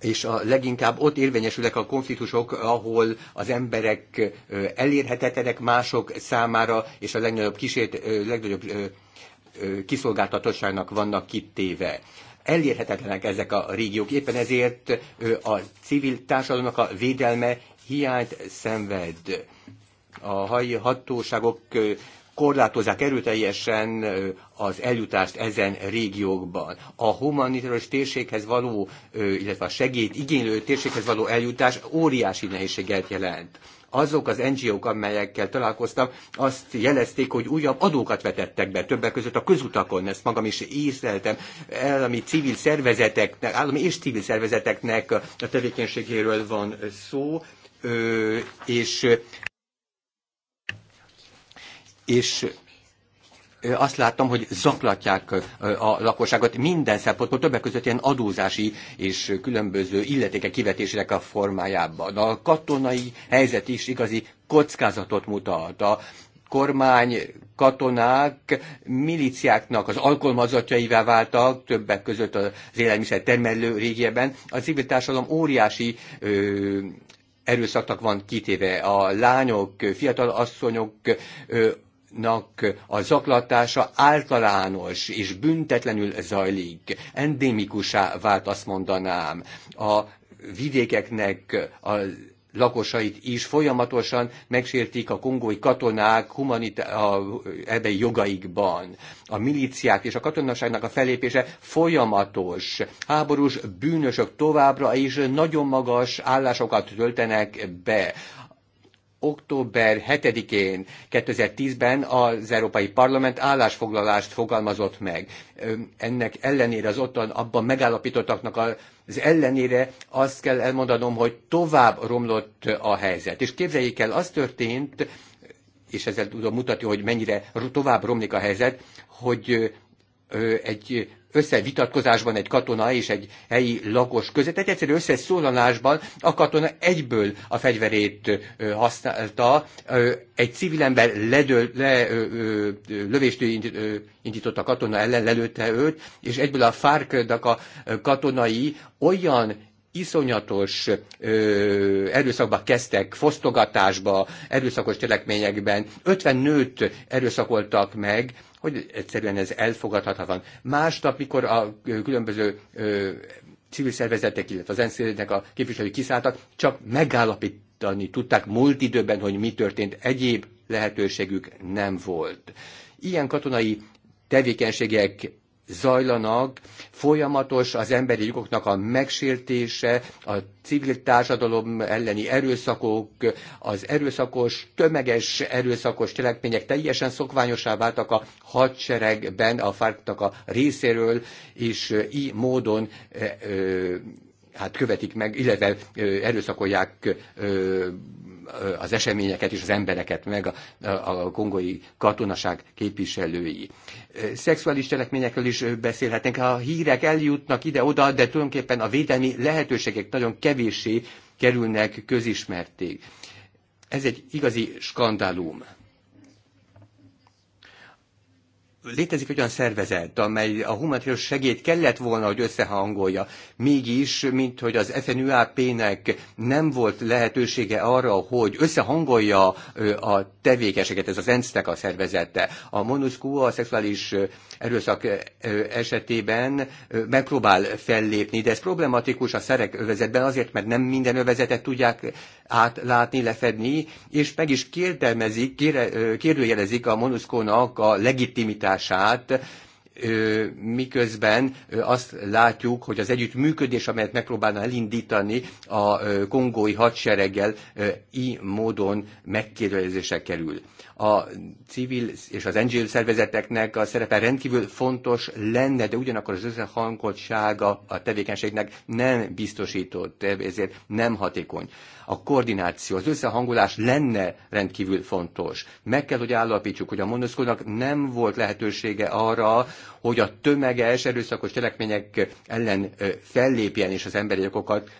és a leginkább ott érvényesülnek a konfliktusok, ahol az emberek elérhetetlenek mások számára, és a legnagyobb, kísért, legnagyobb kiszolgáltatottságnak vannak kitéve elérhetetlenek ezek a régiók. Éppen ezért a civil társadalomnak a védelme hiányt szenved. A hatóságok korlátozzák erőteljesen az eljutást ezen régiókban. A humanitárius térséghez való, illetve a segélyt igénylő térséghez való eljutás óriási nehézséget jelent azok az NGO-k, amelyekkel találkoztam, azt jelezték, hogy újabb adókat vetettek be, többek között a közutakon, ezt magam is észleltem, állami civil szervezeteknek, állami és civil szervezeteknek a tevékenységéről van szó, és és azt látom, hogy zaklatják a lakosságot minden szempontból, többek között ilyen adózási és különböző illetékek kivetésének a formájában. A katonai helyzet is igazi kockázatot mutat. A kormány, katonák, miliciáknak az alkalmazatjaivá váltak, többek között az élelmiszer termelő régiében. A civil társadalom óriási ö, erőszaknak van kitéve. A lányok, fiatal asszonyok ö, nak a zaklatása általános és büntetlenül zajlik. Endémikusá vált, azt mondanám. A vidékeknek a lakosait is folyamatosan megsértik a kongói katonák humanita- a, ebben jogaikban. A milíciák és a katonaságnak a felépése folyamatos. Háborús bűnösök továbbra is nagyon magas állásokat töltenek be október 7-én 2010-ben az Európai Parlament állásfoglalást fogalmazott meg. Ennek ellenére az ottan abban megállapítottaknak az ellenére azt kell elmondanom, hogy tovább romlott a helyzet. És képzeljék el, az történt, és ezzel tudom mutatni, hogy mennyire tovább romlik a helyzet, hogy egy összevitatkozásban egy katona és egy helyi lakos között, egy egyszerű összeszólalásban a katona egyből a fegyverét használta, egy civil ember ledől, le, lövést indított a katona ellen, lelőtte őt, és egyből a fárknak a katonai olyan iszonyatos ö, erőszakba kezdtek, fosztogatásba, erőszakos cselekményekben. 50 nőt erőszakoltak meg, hogy egyszerűen ez elfogadhatatlan. Másnap, mikor a különböző civil szervezetek, illetve az ensz a képviselői kiszálltak, csak megállapítani tudták múlt időben, hogy mi történt, egyéb lehetőségük nem volt. Ilyen katonai tevékenységek zajlanak, folyamatos az emberi jogoknak a megsértése, a civil társadalom elleni erőszakok, az erőszakos, tömeges erőszakos cselekmények teljesen szokványosá váltak a hadseregben, a fártak a részéről, és így módon e, hát követik meg, illetve erőszakolják az eseményeket és az embereket meg a, a kongói katonaság képviselői. Szexuális cselekményekről is beszélhetnek. A hírek eljutnak ide-oda, de tulajdonképpen a védelmi lehetőségek nagyon kevéssé kerülnek közismerték. Ez egy igazi skandalum létezik egy olyan szervezet, amely a humanitárius segélyt kellett volna, hogy összehangolja. Mégis, mint hogy az FNUAP-nek nem volt lehetősége arra, hogy összehangolja a tevékenységet, ez az ensz a szervezete. A MONUSCO a szexuális erőszak esetében megpróbál fellépni, de ez problematikus a szerek övezetben azért, mert nem minden övezetet tudják átlátni, lefedni, és meg is kérdelmezik, kérdőjelezik a MONUSCO-nak a legitimitását hatását, miközben azt látjuk, hogy az együttműködés, amelyet megpróbálna elindítani a kongói hadsereggel, így módon megkérdőjelezésre kerül a civil és az NGO szervezeteknek a szerepe rendkívül fontos lenne, de ugyanakkor az összehangoltsága a tevékenységnek nem biztosított, ezért nem hatékony. A koordináció, az összehangolás lenne rendkívül fontos. Meg kell, hogy állapítsuk, hogy a monoszkónak nem volt lehetősége arra, hogy a tömeges erőszakos cselekmények ellen fellépjen és az emberi jogokat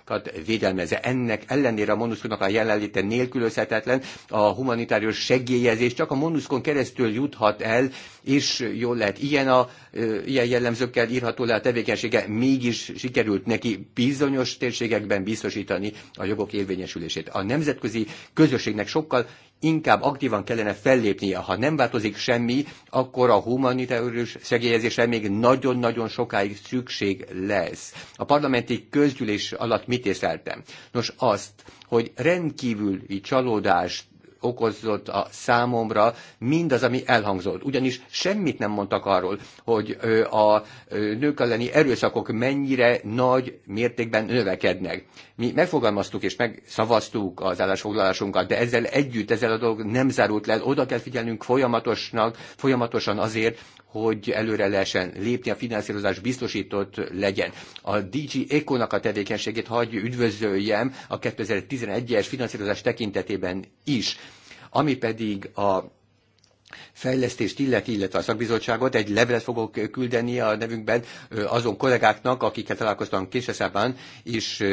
védelmezze. Ennek ellenére a monoszkónak a jelenléte nélkülözhetetlen, a humanitárius segélyezés hírszerzés csak a MONUSZKON keresztül juthat el, és jól lehet, ilyen, a, ilyen jellemzőkkel írható le a tevékenysége, mégis sikerült neki bizonyos térségekben biztosítani a jogok érvényesülését. A nemzetközi közösségnek sokkal inkább aktívan kellene fellépnie. Ha nem változik semmi, akkor a humanitárius segélyezésre még nagyon-nagyon sokáig szükség lesz. A parlamenti közgyűlés alatt mit észleltem? Nos, azt, hogy rendkívüli csalódást okozott a számomra mindaz, ami elhangzott. Ugyanis semmit nem mondtak arról, hogy a nők elleni erőszakok mennyire nagy mértékben növekednek. Mi megfogalmaztuk és megszavaztuk az állásfoglalásunkat, de ezzel együtt, ezzel a dolog nem zárult le. Oda kell figyelnünk folyamatosnak, folyamatosan azért, hogy előre lehessen lépni, a finanszírozás biztosított legyen. A DG Econak a tevékenységét hagy üdvözöljem a 2011-es finanszírozás tekintetében is. Ami pedig a fejlesztést illeti, illetve a szakbizottságot. Egy levelet fogok küldeni a nevünkben azon kollégáknak, akikkel találkoztam Kinshasa-ban, és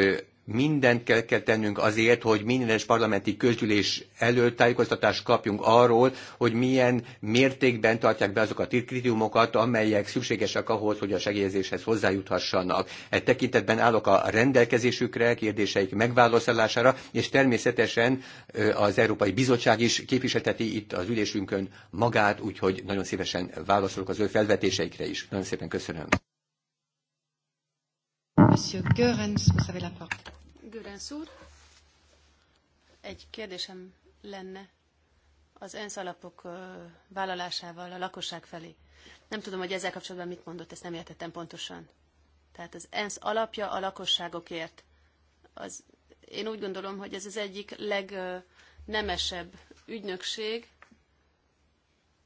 mindent kell, kell tennünk azért, hogy minden parlamenti közgyűlés előtt tájékoztatást kapjunk arról, hogy milyen mértékben tartják be azokat a kritériumokat, amelyek szükségesek ahhoz, hogy a segélyezéshez hozzájuthassanak. E tekintetben állok a rendelkezésükre, kérdéseik megválaszolására, és természetesen az Európai Bizottság is képviselteti itt az ülésünkön magát, úgyhogy nagyon szívesen válaszolok az ő felvetéseikre is. Nagyon szépen köszönöm. Monsieur Goerens, vous avez la porte. Görens úr. Egy kérdésem lenne az ENSZ alapok vállalásával a lakosság felé. Nem tudom, hogy ezzel kapcsolatban mit mondott, ezt nem értettem pontosan. Tehát az ENSZ alapja a lakosságokért. Az, én úgy gondolom, hogy ez az egyik legnemesebb ügynökség,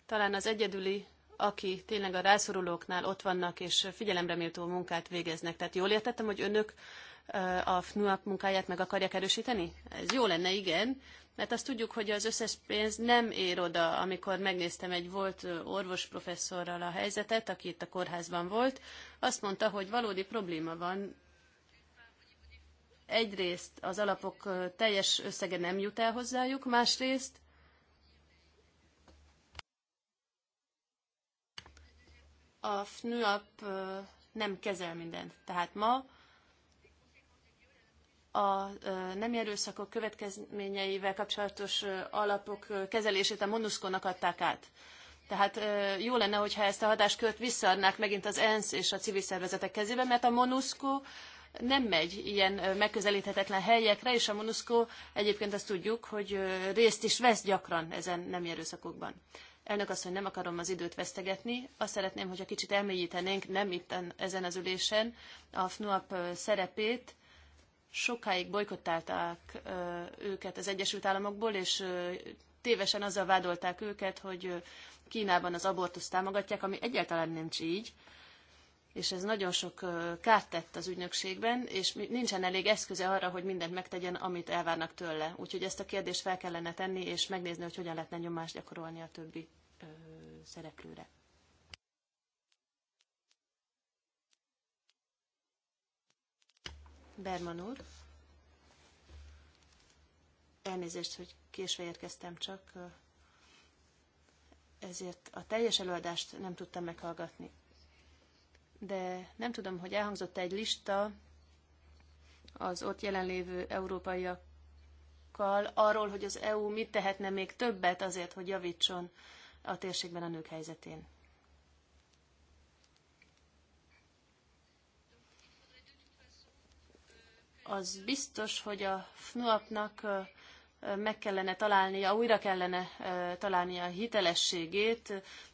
talán az egyedüli, aki tényleg a rászorulóknál ott vannak és figyelemreméltó munkát végeznek. Tehát jól értettem, hogy önök a FNUAP munkáját meg akarják erősíteni? Ez jó lenne, igen, mert azt tudjuk, hogy az összes pénz nem ér oda, amikor megnéztem egy volt orvos professzorral a helyzetet, aki itt a kórházban volt, azt mondta, hogy valódi probléma van, egyrészt az alapok teljes összege nem jut el hozzájuk, másrészt a FNUAP nem kezel mindent. Tehát ma a nem erőszakok következményeivel kapcsolatos alapok kezelését a MONUSZKONak adták át. Tehát jó lenne, hogyha ezt a hatáskört visszaadnák megint az ENSZ és a civil szervezetek kezébe, mert a MONUSCO nem megy ilyen megközelíthetetlen helyekre, és a MONUSCO egyébként azt tudjuk, hogy részt is vesz gyakran ezen nem erőszakokban. Elnök asszony, nem akarom az időt vesztegetni. Azt szeretném, hogyha kicsit elmélyítenénk, nem itt ezen az ülésen, a FNUAP szerepét, sokáig bolykottálták őket az Egyesült Államokból, és tévesen azzal vádolták őket, hogy Kínában az abortuszt támogatják, ami egyáltalán nincs így, és ez nagyon sok kárt tett az ügynökségben, és nincsen elég eszköze arra, hogy mindent megtegyen, amit elvárnak tőle. Úgyhogy ezt a kérdést fel kellene tenni, és megnézni, hogy hogyan lehetne nyomást gyakorolni a többi szereplőre. Berman úr. Elnézést, hogy késve érkeztem, csak ezért a teljes előadást nem tudtam meghallgatni. De nem tudom, hogy elhangzott egy lista az ott jelenlévő európaiakkal arról, hogy az EU mit tehetne még többet azért, hogy javítson a térségben a nők helyzetén. az biztos, hogy a FNUAP-nak meg kellene találnia, újra kellene találnia a hitelességét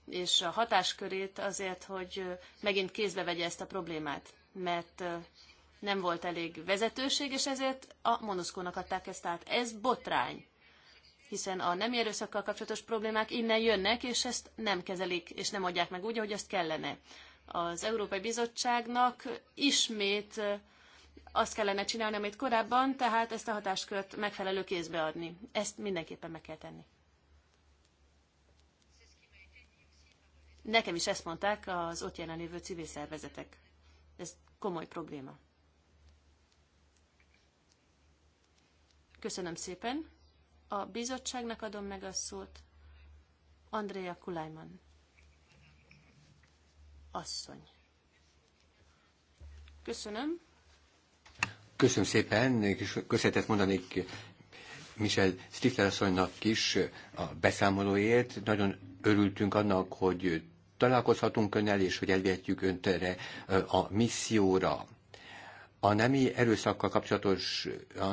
és a hatáskörét azért, hogy megint kézbe vegye ezt a problémát. Mert nem volt elég vezetőség, és ezért a monoszkónak adták ezt át. Ez botrány hiszen a nem erőszakkal kapcsolatos problémák innen jönnek, és ezt nem kezelik, és nem adják meg úgy, ahogy azt kellene. Az Európai Bizottságnak ismét azt kellene csinálni, amit korábban, tehát ezt a hatáskört megfelelő kézbe adni. Ezt mindenképpen meg kell tenni. Nekem is ezt mondták az ott jelenlévő civil szervezetek. Ez komoly probléma. Köszönöm szépen. A bizottságnak adom meg a szót. Andrea Kulajman. Asszony. Köszönöm. Köszönöm szépen, és köszönetet mondanék Michel Stifler asszonynak is a beszámolóért. Nagyon örültünk annak, hogy találkozhatunk önnel, és hogy elvihetjük önt erre a misszióra. A nemi erőszakkal kapcsolatos,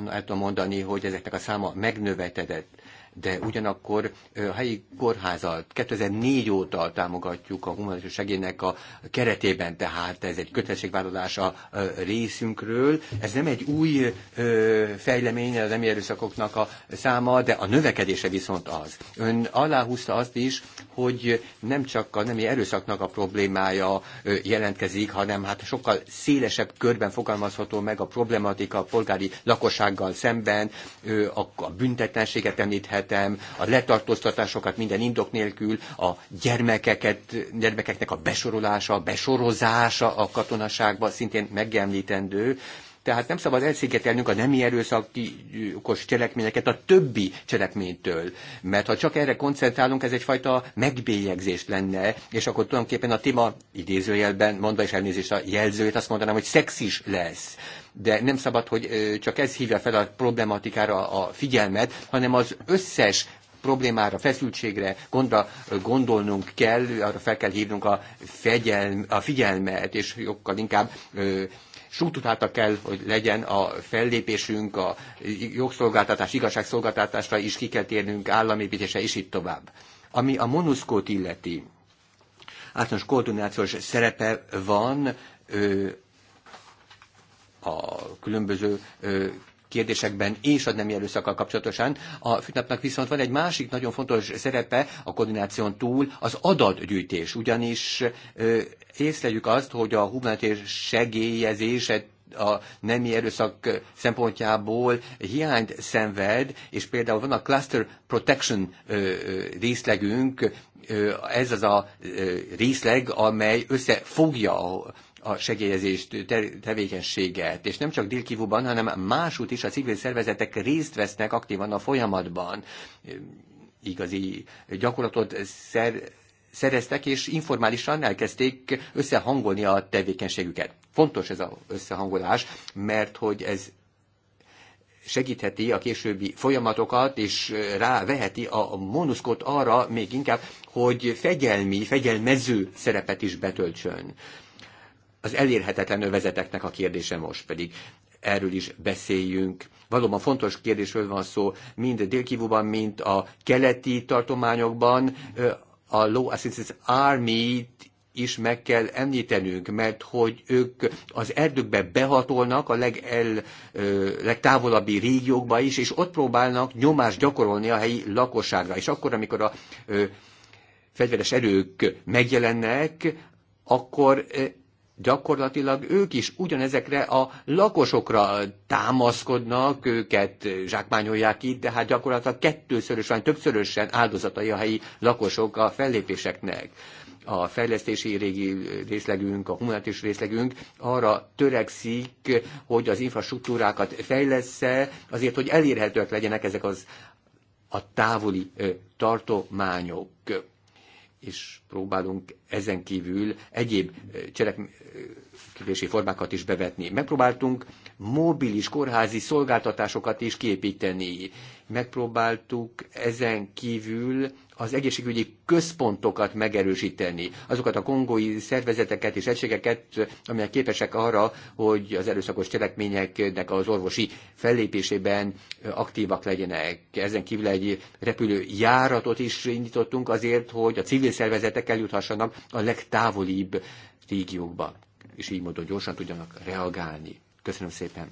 el tudom mondani, hogy ezeknek a száma megnövetedett de ugyanakkor a helyi kórházat 2004 óta támogatjuk a humanitárius segélynek a keretében, tehát ez egy kötelességvállalás a részünkről. Ez nem egy új fejlemény az erőszakoknak a száma, de a növekedése viszont az. Ön aláhúzta azt is, hogy nem csak a nemi erőszaknak a problémája jelentkezik, hanem hát sokkal szélesebb körben fogalmazható meg a problematika a polgári lakossággal szemben, a büntetlenséget említhet, kérhetem, a letartóztatásokat minden indok nélkül, a gyermekeket, gyermekeknek a besorolása, besorozása a katonaságba szintén megemlítendő, tehát nem szabad elszigetelnünk a nemi erőszakos cselekményeket a többi cselekménytől. Mert ha csak erre koncentrálunk, ez egyfajta megbélyegzés lenne, és akkor tulajdonképpen a téma idézőjelben, mondva is elnézést a jelzőjét, azt mondanám, hogy szexis lesz de nem szabad, hogy csak ez hívja fel a problematikára a figyelmet, hanem az összes problémára, feszültségre, gondra gondolnunk kell, arra fel kell hívnunk a, fegyelm, a figyelmet, és jókkal inkább ö, kell, hogy legyen a fellépésünk, a jogszolgáltatás, igazságszolgáltatásra is ki kell térnünk, államépítése és itt tovább. Ami a monuszkót illeti, általános koordinációs szerepe van, ö, a különböző kérdésekben és a nemi erőszakkal kapcsolatosan. A fitnapnak viszont van egy másik nagyon fontos szerepe a koordináción túl, az adatgyűjtés. Ugyanis észleljük azt, hogy a humanitér segélyezése a nemi erőszak szempontjából hiányt szenved, és például van a cluster protection részlegünk, ez az a részleg, amely összefogja a segélyezés tevékenységet, és nem csak Dilkivúban, hanem másút is a civil szervezetek részt vesznek aktívan a folyamatban. Igazi gyakorlatot szer, szereztek, és informálisan elkezdték összehangolni a tevékenységüket. Fontos ez az összehangolás, mert hogy ez segítheti a későbbi folyamatokat, és ráveheti a monuszkot arra még inkább, hogy fegyelmi, fegyelmező szerepet is betöltsön az elérhetetlen övezeteknek a kérdése most pedig erről is beszéljünk. Valóban fontos kérdésről van szó, mind délkívúban, mind a keleti tartományokban. A Low Assistance army is meg kell említenünk, mert hogy ők az erdőkbe behatolnak a legel, legtávolabbi régiókba is, és ott próbálnak nyomást gyakorolni a helyi lakosságra. És akkor, amikor a fegyveres erők megjelennek, akkor gyakorlatilag ők is ugyanezekre a lakosokra támaszkodnak, őket zsákmányolják itt, de hát gyakorlatilag kettőszörös, vagy többszörösen áldozatai a helyi lakosok a fellépéseknek a fejlesztési régi részlegünk, a humanitárius részlegünk arra törekszik, hogy az infrastruktúrákat fejlessze, azért, hogy elérhetőek legyenek ezek az a távoli tartományok és próbálunk ezen kívül egyéb cselekvési formákat is bevetni. Megpróbáltunk mobilis kórházi szolgáltatásokat is kiépíteni. Megpróbáltuk ezen kívül az egészségügyi központokat megerősíteni, azokat a kongói szervezeteket és egységeket, amelyek képesek arra, hogy az erőszakos cselekményeknek az orvosi fellépésében aktívak legyenek. Ezen kívül egy repülő járatot is indítottunk azért, hogy a civil szervezetek eljuthassanak a legtávolibb régiókba, és így módon gyorsan tudjanak reagálni. Köszönöm szépen!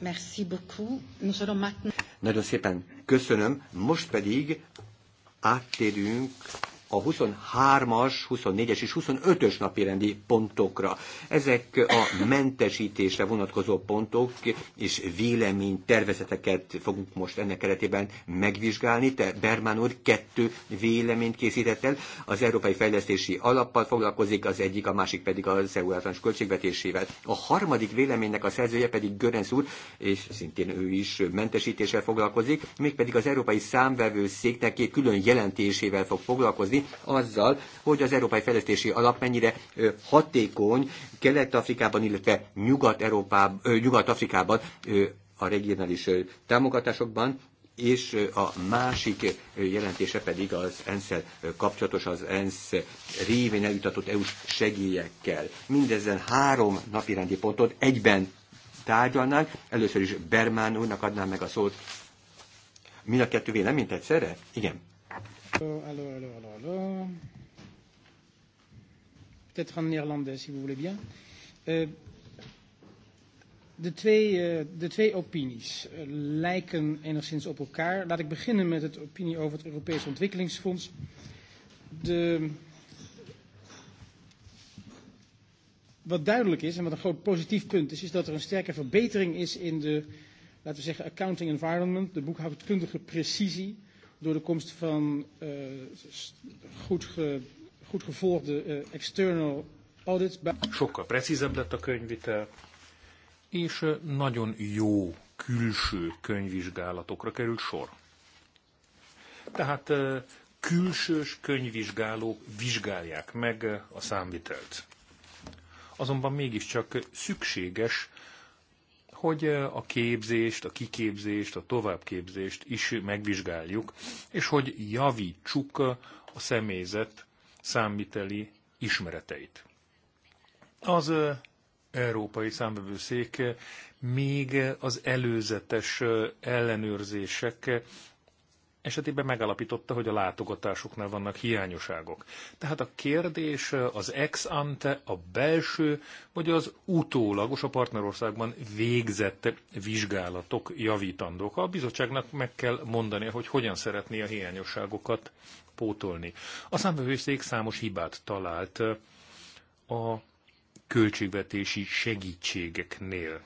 Merci beaucoup. Nous allons maintenant... Nagyon szépen köszönöm. Most pedig áttérünk a 23-as, 24-es és 25-ös napirendi pontokra. Ezek a mentesítésre vonatkozó pontok és véleménytervezeteket fogunk most ennek keretében megvizsgálni. Te Bermán úr kettő véleményt készített el. Az Európai Fejlesztési Alappal foglalkozik, az egyik, a másik pedig az EU általános költségvetésével. A harmadik véleménynek a szerzője pedig Görenc úr, és szintén ő is mentesítéssel foglalkozik, mégpedig az Európai Számvevőszéknek két külön jelentésével fog foglalkozni foglalkozni azzal, hogy az Európai Fejlesztési Alap mennyire hatékony Kelet-Afrikában, illetve Nyugat-Európában, Nyugat-Afrikában a regionális támogatásokban, és a másik jelentése pedig az ensz kapcsolatos, az ENSZ révén eljutatott EU-s segélyekkel. Mindezen három napirendi pontot egyben tárgyalnánk. Először is Bermán úrnak adnám meg a szót. Mind a kettő véleményt egyszerre? Igen. Alors, alors, alors, alors. Peut-être en néerlandais, si vous voulez bien. Uh, de twee, uh, de twee opinies uh, lijken enigszins op elkaar. Laat ik beginnen met het opinie over het Europees Ontwikkelingsfonds. De, wat duidelijk is en wat een groot positief punt is, is dat er een sterke verbetering is in de, laten we zeggen, accounting environment, de boekhoudkundige precisie door de komst van uh, goed, ge, goed gevolgde uh, external audits. Sokkal precízebb lett a könyvitel, és eh, nagyon jó külső könyvvizsgálatokra került sor. Tehát uh, külsős könyvvizsgálók vizsgálják meg a számvitelt. Azonban mégiscsak szükséges hogy a képzést, a kiképzést, a továbbképzést is megvizsgáljuk, és hogy javítsuk a személyzet számviteli ismereteit. Az Európai Számbevőszék még az előzetes ellenőrzések esetében megalapította, hogy a látogatásoknál vannak hiányosságok. Tehát a kérdés eh, az ex ante, a belső, vagy az utólagos a partnerországban végzett vizsgálatok javítandók. A bizottságnak meg kell mondania, hogy hogyan szeretné a hiányosságokat pótolni. A számbevőszék számos hibát talált eh, a költségvetési segítségeknél.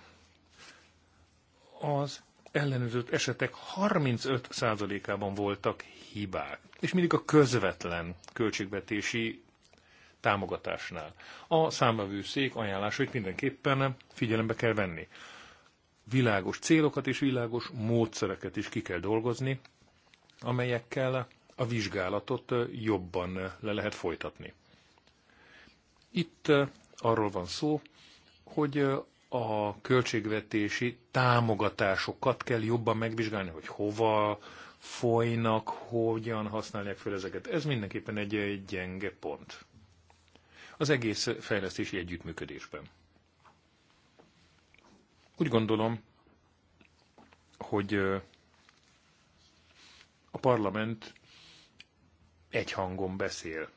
Az ellenőrzött esetek 35%-ában voltak hibák, és mindig a közvetlen költségvetési támogatásnál. A számvevőszék ajánlásait mindenképpen figyelembe kell venni. Világos célokat és világos módszereket is ki kell dolgozni, amelyekkel a vizsgálatot jobban le lehet folytatni. Itt arról van szó, hogy a költségvetési támogatásokat kell jobban megvizsgálni, hogy hova folynak, hogyan használják fel ezeket. Ez mindenképpen egy, egy gyenge pont. Az egész fejlesztési együttműködésben. Úgy gondolom, hogy a parlament egy hangon beszél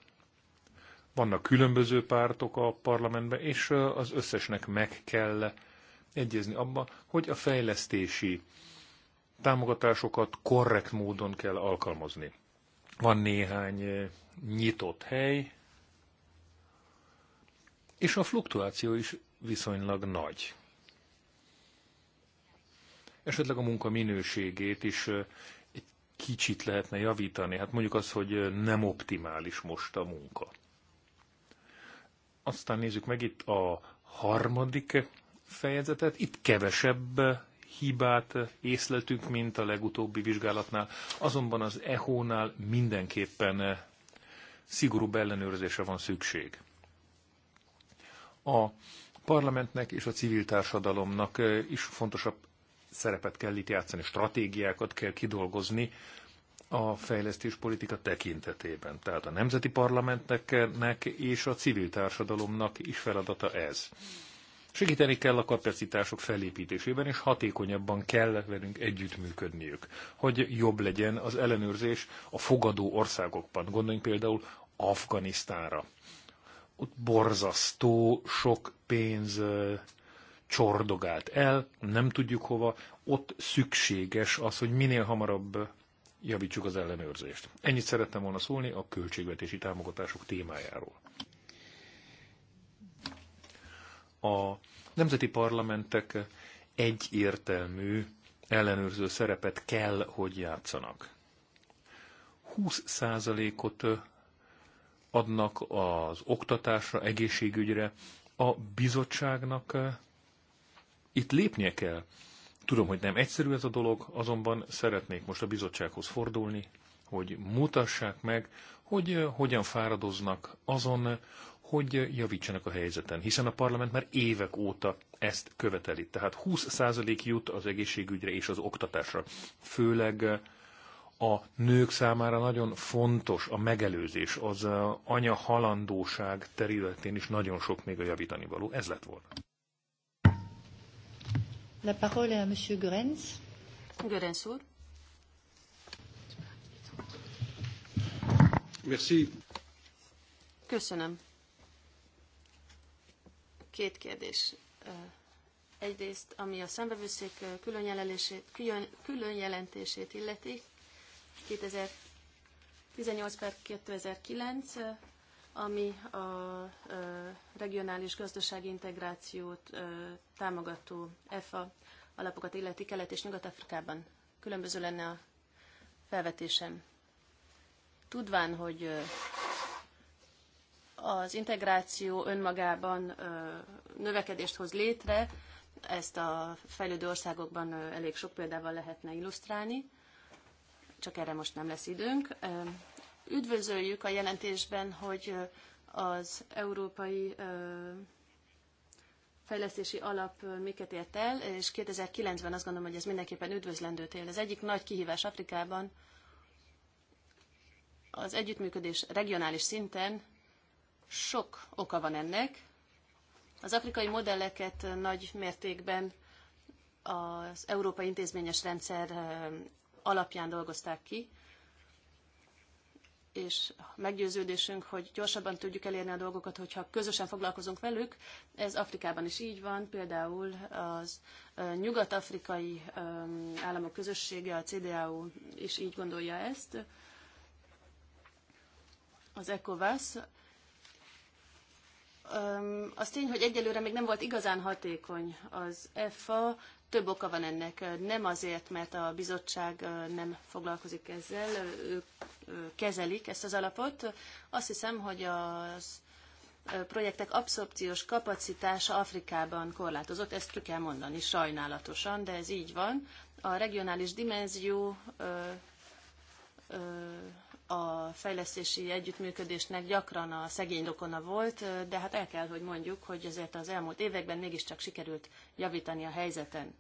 vannak különböző pártok a parlamentben, és az összesnek meg kell egyezni abba, hogy a fejlesztési támogatásokat korrekt módon kell alkalmazni. Van néhány nyitott hely, és a fluktuáció is viszonylag nagy. Esetleg a munka minőségét is egy kicsit lehetne javítani. Hát mondjuk az, hogy nem optimális most a munka. Aztán nézzük meg itt a harmadik fejezetet. Itt kevesebb hibát észleltünk, mint a legutóbbi vizsgálatnál, azonban az EHO-nál mindenképpen szigorú ellenőrzésre van szükség. A parlamentnek és a civil társadalomnak is fontosabb szerepet kell itt játszani, stratégiákat kell kidolgozni a politika tekintetében. Tehát a nemzeti parlamenteknek és a civil társadalomnak is feladata ez. Segíteni kell a kapacitások felépítésében, és hatékonyabban kell velünk együttműködniük, hogy jobb legyen az ellenőrzés a fogadó országokban. Gondoljunk például Afganisztánra. Ott borzasztó sok pénz csordogált el, nem tudjuk hova, ott szükséges az, hogy minél hamarabb javítsuk az ellenőrzést. Ennyit szerettem volna szólni a költségvetési támogatások témájáról. A nemzeti parlamentek egyértelmű ellenőrző szerepet kell, hogy játszanak. 20%-ot adnak az oktatásra, egészségügyre, a bizottságnak itt lépnie kell Tudom, hogy nem egyszerű ez a dolog, azonban szeretnék most a bizottsághoz fordulni, hogy mutassák meg, hogy hogyan fáradoznak azon, hogy javítsanak a helyzeten, hiszen a parlament már évek óta ezt követeli. Tehát 20% jut az egészségügyre és az oktatásra. Főleg a nők számára nagyon fontos a megelőzés, az anya halandóság területén is nagyon sok még a javítani való. Ez lett volna. La parole est à Monsieur Gurens. Gurens. Merci. Köszönöm. Két kérdés. Egyrészt, ami a szembevőszék külön, jelentését, külön, külön jelentését illeti, 2018 per 2009 ami a regionális gazdasági integrációt támogató EFA alapokat illeti Kelet- és Nyugat-Afrikában. Különböző lenne a felvetésem. Tudván, hogy az integráció önmagában növekedést hoz létre, ezt a fejlődő országokban elég sok példával lehetne illusztrálni, csak erre most nem lesz időnk. Üdvözöljük a jelentésben, hogy az európai fejlesztési alap miket ért el, és 2009-ben azt gondolom, hogy ez mindenképpen üdvözlendő tél. Az egyik nagy kihívás Afrikában az együttműködés regionális szinten sok oka van ennek. Az afrikai modelleket nagy mértékben az európai intézményes rendszer alapján dolgozták ki, és meggyőződésünk, hogy gyorsabban tudjuk elérni a dolgokat, hogyha közösen foglalkozunk velük. Ez Afrikában is így van, például az nyugat-afrikai államok közössége, a CDAO is így gondolja ezt. Az ECOWAS. Az tény, hogy egyelőre még nem volt igazán hatékony az EFA, több oka van ennek. Nem azért, mert a bizottság nem foglalkozik ezzel, ők kezelik ezt az alapot. Azt hiszem, hogy az projektek abszorpciós kapacitása Afrikában korlátozott, ezt ki kell mondani sajnálatosan, de ez így van. A regionális dimenzió a fejlesztési együttműködésnek gyakran a szegény rokona volt, de hát el kell, hogy mondjuk, hogy ezért az elmúlt években mégiscsak sikerült javítani a helyzeten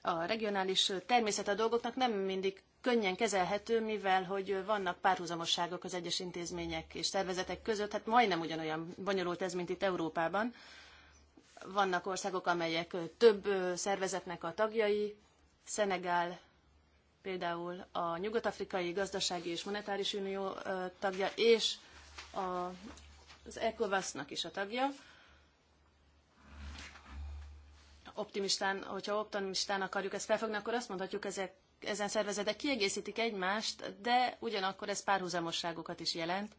a regionális természet a dolgoknak nem mindig könnyen kezelhető, mivel hogy vannak párhuzamosságok az egyes intézmények és szervezetek között, hát majdnem ugyanolyan bonyolult ez, mint itt Európában. Vannak országok, amelyek több szervezetnek a tagjai, Szenegál például a Nyugat-Afrikai Gazdasági és Monetáris Unió tagja, és az ECOWAS-nak is a tagja optimistán, hogyha optimistán akarjuk ezt felfogni, akkor azt mondhatjuk, ezek, ezen szervezetek kiegészítik egymást, de ugyanakkor ez párhuzamosságokat is jelent.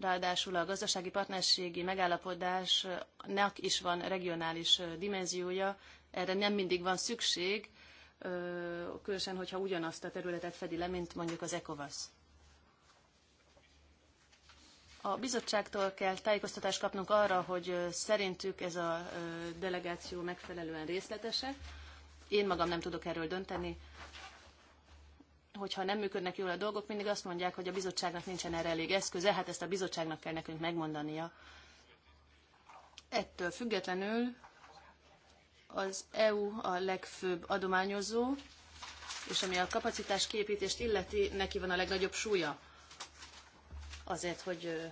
Ráadásul a gazdasági partnerségi megállapodásnak is van regionális dimenziója, erre nem mindig van szükség, különösen, hogyha ugyanazt a területet fedi le, mint mondjuk az ECOVASZ. A bizottságtól kell tájékoztatást kapnunk arra, hogy szerintük ez a delegáció megfelelően részletese. Én magam nem tudok erről dönteni. Hogyha nem működnek jól a dolgok, mindig azt mondják, hogy a bizottságnak nincsen erre elég eszköze, hát ezt a bizottságnak kell nekünk megmondania. Ettől függetlenül az EU a legfőbb adományozó, és ami a kapacitás képítést illeti, neki van a legnagyobb súlya azért, hogy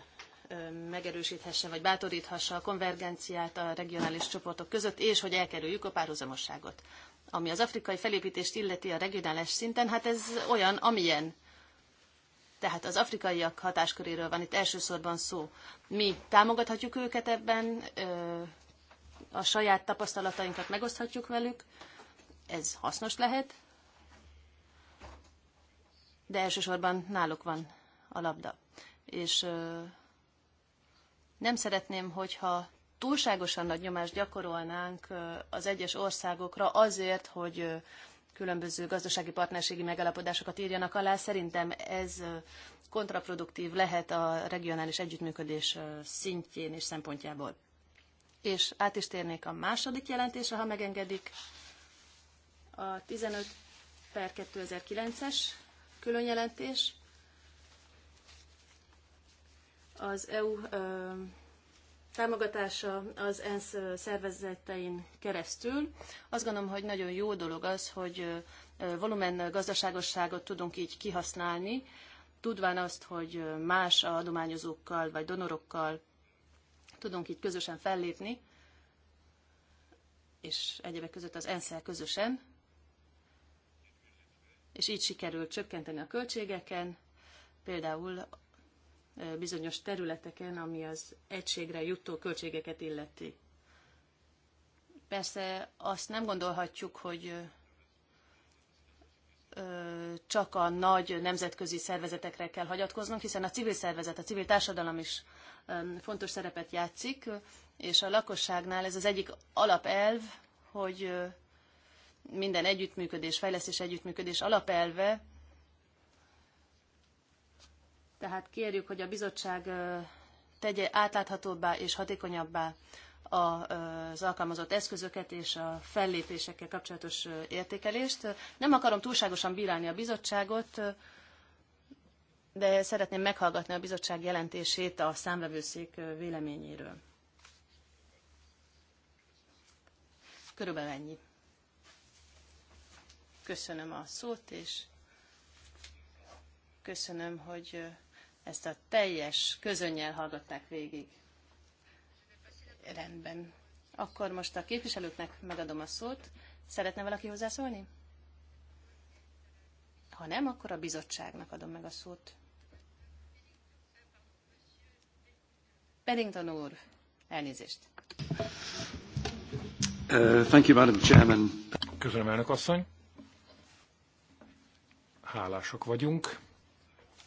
megerősíthesse vagy bátoríthassa a konvergenciát a regionális csoportok között, és hogy elkerüljük a párhuzamosságot. Ami az afrikai felépítést illeti a regionális szinten, hát ez olyan, amilyen. Tehát az afrikaiak hatásköréről van itt elsősorban szó. Mi támogathatjuk őket ebben, a saját tapasztalatainkat megoszthatjuk velük, ez hasznos lehet, de elsősorban náluk van a labda és nem szeretném, hogyha túlságosan nagy nyomást gyakorolnánk az egyes országokra azért, hogy különböző gazdasági partnerségi megállapodásokat írjanak alá. Szerintem ez kontraproduktív lehet a regionális együttműködés szintjén és szempontjából. És át is térnék a második jelentésre, ha megengedik. A 15 per 2009-es különjelentés. Az EU támogatása az ENSZ szervezetein keresztül. Azt gondolom, hogy nagyon jó dolog az, hogy volumen gazdaságosságot tudunk így kihasználni, tudván azt, hogy más adományozókkal vagy donorokkal tudunk így közösen fellépni, és egyebek között az ensz közösen, és így sikerül csökkenteni a költségeken, például bizonyos területeken, ami az egységre jutó költségeket illeti. Persze azt nem gondolhatjuk, hogy csak a nagy nemzetközi szervezetekre kell hagyatkoznunk, hiszen a civil szervezet, a civil társadalom is fontos szerepet játszik, és a lakosságnál ez az egyik alapelv, hogy minden együttműködés, fejlesztés együttműködés alapelve, tehát kérjük, hogy a bizottság tegye átláthatóbbá és hatékonyabbá az alkalmazott eszközöket és a fellépésekkel kapcsolatos értékelést. Nem akarom túlságosan bírálni a bizottságot, de szeretném meghallgatni a bizottság jelentését a számvevőszék véleményéről. Körülbelül ennyi. Köszönöm a szót, és köszönöm, hogy ezt a teljes közönnyel hallgatták végig. Rendben. Akkor most a képviselőknek megadom a szót. Szeretne valaki hozzászólni? Ha nem, akkor a bizottságnak adom meg a szót. Paddington úr, elnézést. Uh, thank you, Madam Chairman. Köszönöm, elnök asszony. Hálások vagyunk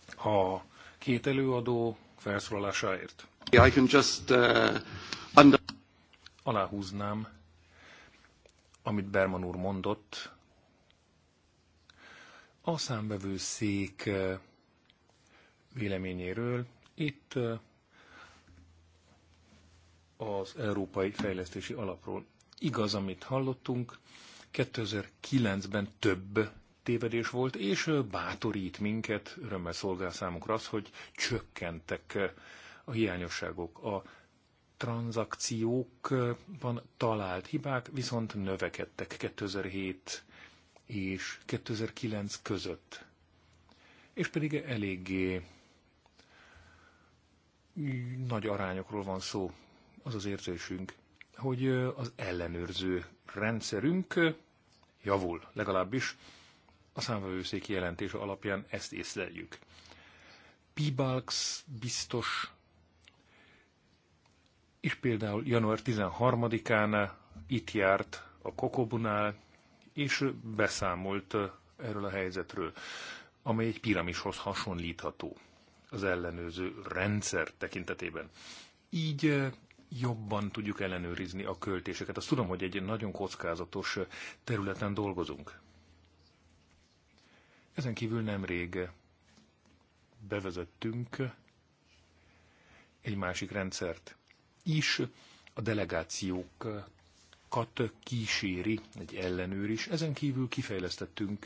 a két előadó felszólalásáért. I can just, uh, under... Aláhúznám, amit Berman úr mondott. A számbevő szék uh, véleményéről itt uh, az Európai Fejlesztési Alapról. Igaz, amit hallottunk, 2009-ben több tévedés volt, és bátorít minket, örömmel szolgál számunkra az, hogy csökkentek a hiányosságok. A tranzakciókban talált hibák viszont növekedtek 2007 és 2009 között. És pedig eléggé nagy arányokról van szó, az az érzésünk, hogy az ellenőrző rendszerünk javul, legalábbis a számvevőszéki jelentése alapján ezt észleljük. Pibalks biztos, és például január 13-án itt járt a Kokobunál, és beszámolt erről a helyzetről, amely egy piramishoz hasonlítható az ellenőző rendszer tekintetében. Így jobban tudjuk ellenőrizni a költéseket. Azt tudom, hogy egy nagyon kockázatos területen dolgozunk. Ezen kívül nemrég bevezettünk egy másik rendszert is, a delegációkat kíséri egy ellenőr is. Ezen kívül kifejlesztettünk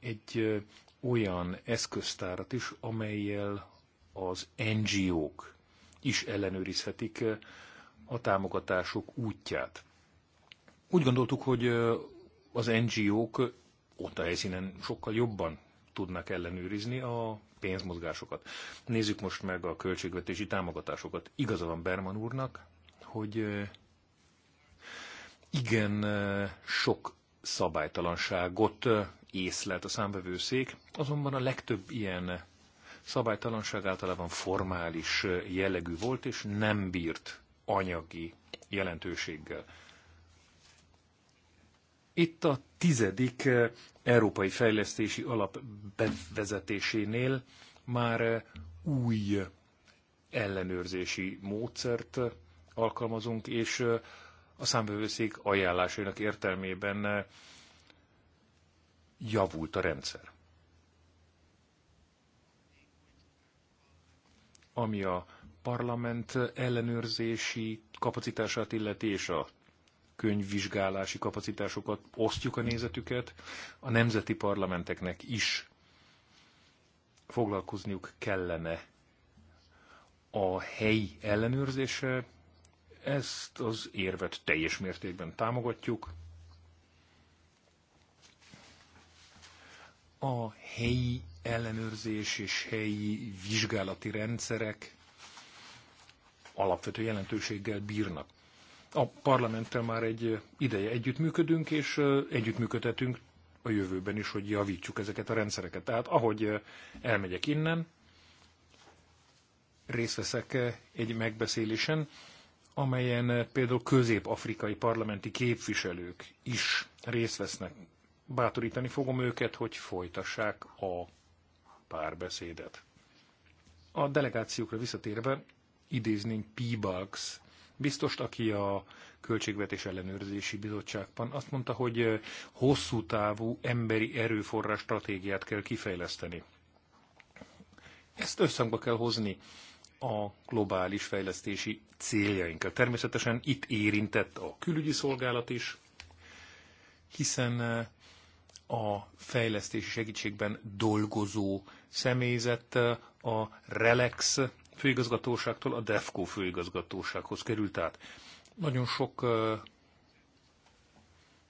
egy olyan eszköztárat is, amelyel az NGO-k is ellenőrizhetik a támogatások útját. Úgy gondoltuk, hogy az NGO-k ott a helyszínen sokkal jobban tudnak ellenőrizni a pénzmozgásokat. Nézzük most meg a költségvetési támogatásokat. Igaza van Berman úrnak, hogy igen sok szabálytalanságot észlelt a számvevőszék, azonban a legtöbb ilyen szabálytalanság általában formális jellegű volt, és nem bírt anyagi jelentőséggel. Itt a tizedik eh, Európai Fejlesztési Alap bevezetésénél már eh, új ellenőrzési módszert eh, alkalmazunk, és a számbevőszék ajánlásainak értelmében javult a rendszer. Ami a parlament ellenőrzési kapacitását illeti és a könyvvizsgálási kapacitásokat, osztjuk a nézetüket, a nemzeti parlamenteknek is foglalkozniuk kellene a helyi ellenőrzése, ezt az érvet teljes mértékben támogatjuk. A helyi ellenőrzés és helyi vizsgálati rendszerek alapvető jelentőséggel bírnak. A parlamenttel már egy ideje együttműködünk, és együttműködhetünk a jövőben is, hogy javítsuk ezeket a rendszereket. Tehát ahogy elmegyek innen, részt veszek egy megbeszélésen, amelyen például közép-afrikai parlamenti képviselők is részt vesznek. Bátorítani fogom őket, hogy folytassák a párbeszédet. A delegációkra visszatérve idézném Peebalgs Biztos, aki a Költségvetés Ellenőrzési Bizottságban azt mondta, hogy eh, hosszú távú emberi erőforrás stratégiát kell kifejleszteni. Ezt összhangba kell hozni a globális fejlesztési céljainkkal. Természetesen itt érintett a külügyi szolgálat is, hiszen eh, a fejlesztési segítségben dolgozó személyzet eh, a RELEX főigazgatóságtól a DEFCO főigazgatósághoz került át. Nagyon sok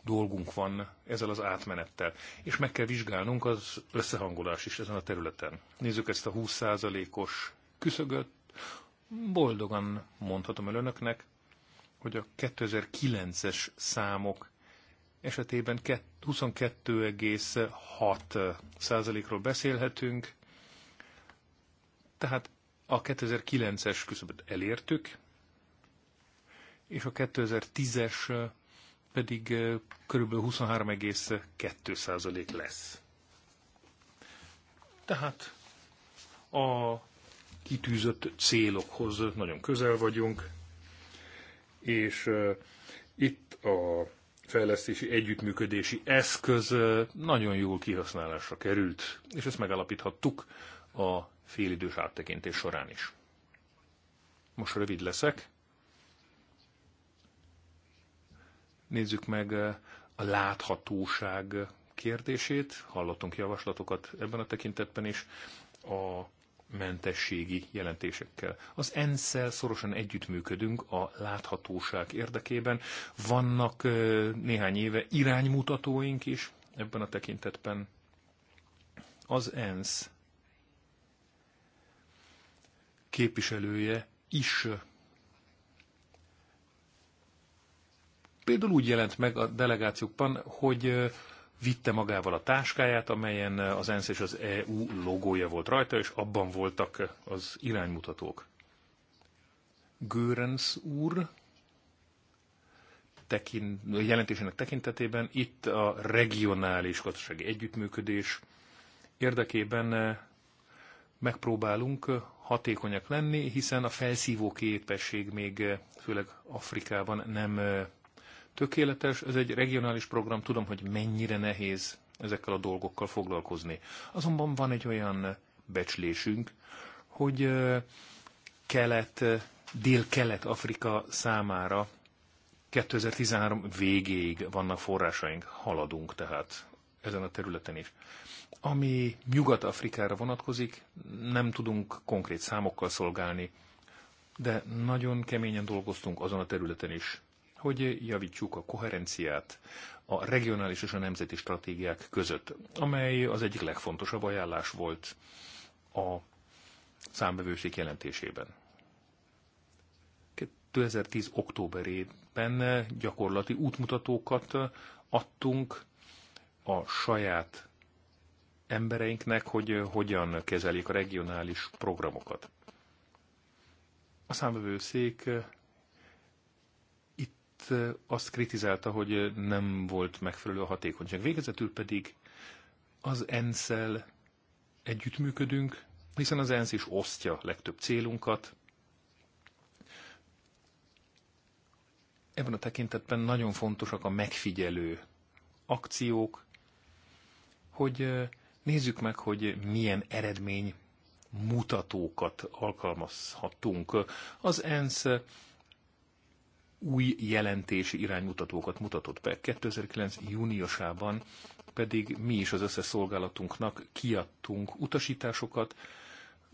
dolgunk van ezzel az átmenettel, és meg kell vizsgálnunk az összehangolás is ezen a területen. Nézzük ezt a 20%-os küszögöt. Boldogan mondhatom el önöknek, hogy a 2009-es számok esetében 22,6%-ról beszélhetünk, tehát a 2009-es küszöböt elértük, és a 2010-es pedig kb. 23,2% lesz. Tehát a kitűzött célokhoz nagyon közel vagyunk, és itt a fejlesztési együttműködési eszköz nagyon jól kihasználásra került, és ezt megállapíthattuk a félidős áttekintés során is. Most rövid leszek. Nézzük meg eh, a láthatóság kérdését. Hallottunk javaslatokat ebben a tekintetben is a mentességi jelentésekkel. Az ENSZ-szel szorosan együttműködünk a láthatóság érdekében. Vannak eh, néhány éve iránymutatóink is ebben a tekintetben. Az ENSZ képviselője is például úgy jelent meg a delegációkban, hogy vitte magával a táskáját, amelyen az ENSZ és az EU logója volt rajta, és abban voltak az iránymutatók. Görens úr tekint, jelentésének tekintetében itt a regionális gazdasági együttműködés érdekében megpróbálunk hatékonyak lenni, hiszen a felszívó képesség még eh, főleg Afrikában nem eh, tökéletes. Ez egy regionális program, tudom, hogy mennyire nehéz ezekkel a dolgokkal foglalkozni. Azonban van egy olyan becslésünk, hogy eh, kelet, dél-kelet-Afrika számára 2013 végéig vannak forrásaink, haladunk tehát ezen a területen is. Ami Nyugat-Afrikára vonatkozik, nem tudunk konkrét számokkal szolgálni, de nagyon keményen dolgoztunk azon a területen is, hogy javítsuk a koherenciát a regionális és a nemzeti stratégiák között, amely az egyik legfontosabb ajánlás volt a számbevőség jelentésében. 2010. októberében gyakorlati útmutatókat adtunk a saját embereinknek, hogy hogyan kezelik a regionális programokat. A számvevőszék itt azt kritizálta, hogy nem volt megfelelő a hatékonyság. Végezetül pedig az ensz együttműködünk, hiszen az ENSZ is osztja legtöbb célunkat. Ebben a tekintetben nagyon fontosak a megfigyelő akciók, hogy Nézzük meg, hogy milyen eredmény mutatókat alkalmazhatunk. Az ENSZ új jelentési iránymutatókat mutatott be. 2009. júniusában pedig mi is az összes szolgálatunknak kiadtunk utasításokat,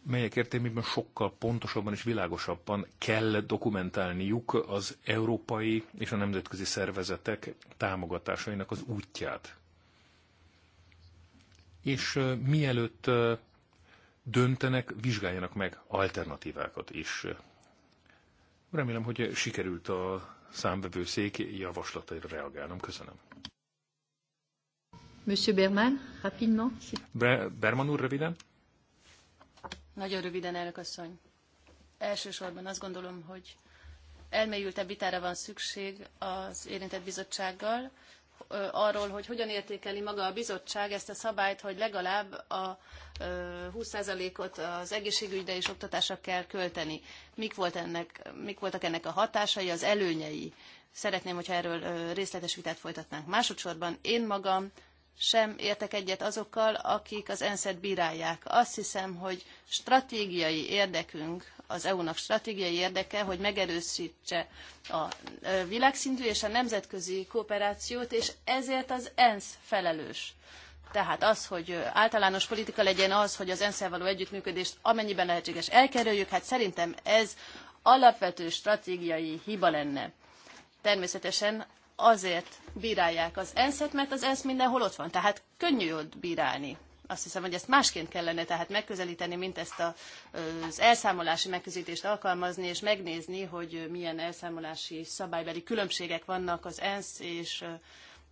melyek értelmében sokkal pontosabban és világosabban kell dokumentálniuk az európai és a nemzetközi szervezetek támogatásainak az útját és mielőtt döntenek, vizsgáljanak meg alternatívákat is. Remélem, hogy sikerült a számbevőszék javaslataira reagálnom. Köszönöm. Monsieur Berman, rapidement. Be Berman úr, röviden. Nagyon röviden, elnök asszony. Elsősorban azt gondolom, hogy elmélyültebb vitára van szükség az érintett bizottsággal, arról, hogy hogyan értékeli maga a bizottság ezt a szabályt, hogy legalább a 20%-ot az egészségügyre és oktatásra kell költeni. Mik, volt ennek, mik voltak ennek a hatásai, az előnyei? Szeretném, hogyha erről részletes vitát folytatnánk. Másodszorban én magam sem értek egyet azokkal, akik az ENSZ-et bírálják. Azt hiszem, hogy stratégiai érdekünk, az EU-nak stratégiai érdeke, hogy megerősítse a világszintű és a nemzetközi kooperációt, és ezért az ENSZ felelős. Tehát az, hogy általános politika legyen az, hogy az ENSZ-el való együttműködést amennyiben lehetséges elkerüljük, hát szerintem ez alapvető stratégiai hiba lenne. Természetesen azért bírálják az ENSZ-et, mert az ENSZ mindenhol ott van, tehát könnyű ott bírálni. Azt hiszem, hogy ezt másként kellene tehát megközelíteni, mint ezt a, az elszámolási megközelítést alkalmazni, és megnézni, hogy milyen elszámolási szabálybeli különbségek vannak az ENSZ és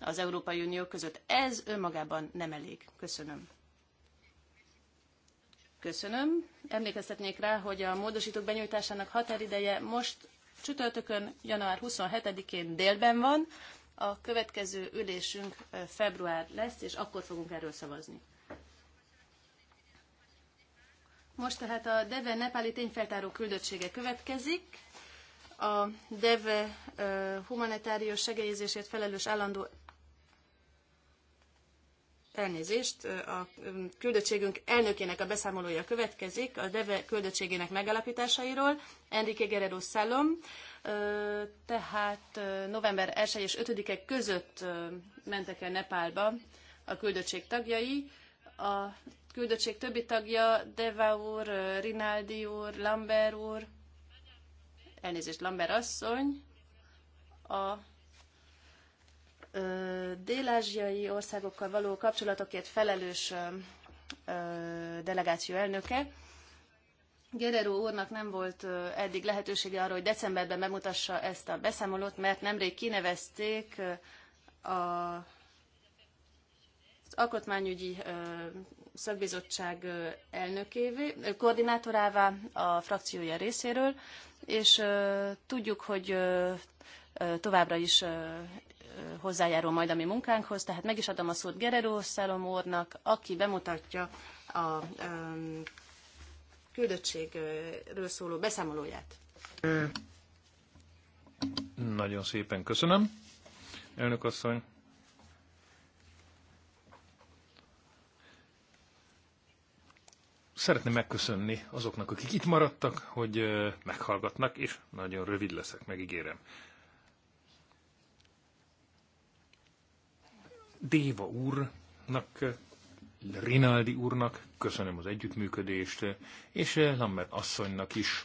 az Európai Unió között. Ez önmagában nem elég. Köszönöm. Köszönöm. Emlékeztetnék rá, hogy a módosítók benyújtásának határideje most csütörtökön, január 27-én délben van, a következő ülésünk február lesz, és akkor fogunk erről szavazni. Most tehát a DEVE nepáli tényfeltáró küldöttsége következik. A DEVE humanitárius segélyezésért felelős állandó Elnézést, a küldöttségünk elnökének a beszámolója következik, a DEVE küldöttségének megalapításairól, Enrique Guerrero Szalom, tehát november 1 és 5-e között mentek el Nepálba a küldöttség tagjai, a küldöttség többi tagja, Deva úr, Rinaldi úr, Lambert úr, elnézést, Lambert asszony, a dél-ázsiai országokkal való kapcsolatokért felelős delegáció elnöke. Guerrero úrnak nem volt eddig lehetősége arra, hogy decemberben bemutassa ezt a beszámolót, mert nemrég kinevezték a, az alkotmányügyi szakbizottság elnökévé, koordinátorává a frakciója részéről, és tudjuk, hogy továbbra is hozzájárul majd a mi munkánkhoz, tehát meg is adom a szót Gerero Szalom úrnak, aki bemutatja a um, küldöttségről szóló beszámolóját. Nagyon szépen köszönöm, elnök asszony. Szeretném megköszönni azoknak, akik itt maradtak, hogy meghallgatnak, és nagyon rövid leszek, megígérem. Déva úrnak, Rinaldi úrnak köszönöm az együttműködést, és Lambert asszonynak is,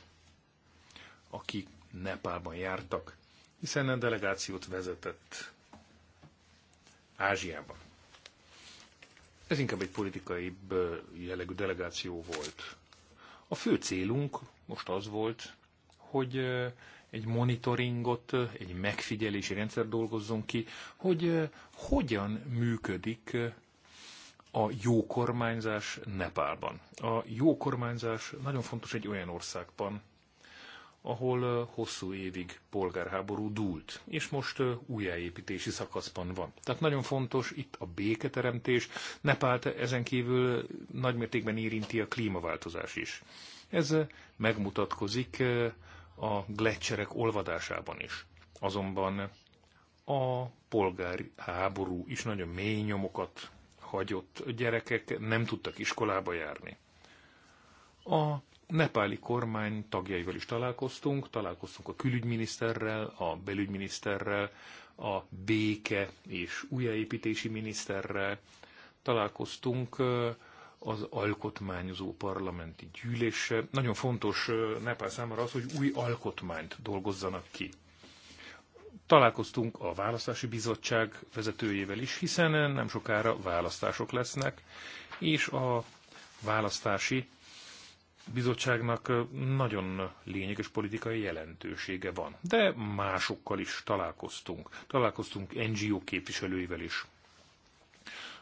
akik Nepában jártak, hiszen a delegációt vezetett Ázsiában. Ez inkább egy politikai jellegű delegáció volt. A fő célunk most az volt, hogy egy monitoringot, egy megfigyelési rendszer dolgozzon ki, hogy hogyan működik a jó kormányzás Nepálban. A jó kormányzás nagyon fontos egy olyan országban, ahol hosszú évig polgárháború dúlt, és most újjáépítési szakaszban van. Tehát nagyon fontos itt a béketeremtés, Nepált ezen kívül nagymértékben érinti a klímaváltozás is. Ez megmutatkozik a gletszerek olvadásában is. Azonban a polgári háború is nagyon mély nyomokat hagyott. Gyerekek nem tudtak iskolába járni. A nepáli kormány tagjaival is találkoztunk, találkoztunk a külügyminiszterrel, a belügyminiszterrel, a béke és újjáépítési miniszterrel, találkoztunk az alkotmányozó parlamenti gyűlése. Nagyon fontos Nepál számára az, hogy új alkotmányt dolgozzanak ki. Találkoztunk a választási bizottság vezetőjével is, hiszen nem sokára választások lesznek, és a választási bizottságnak nagyon lényeges politikai jelentősége van. De másokkal is találkoztunk. Találkoztunk NGO képviselőivel is.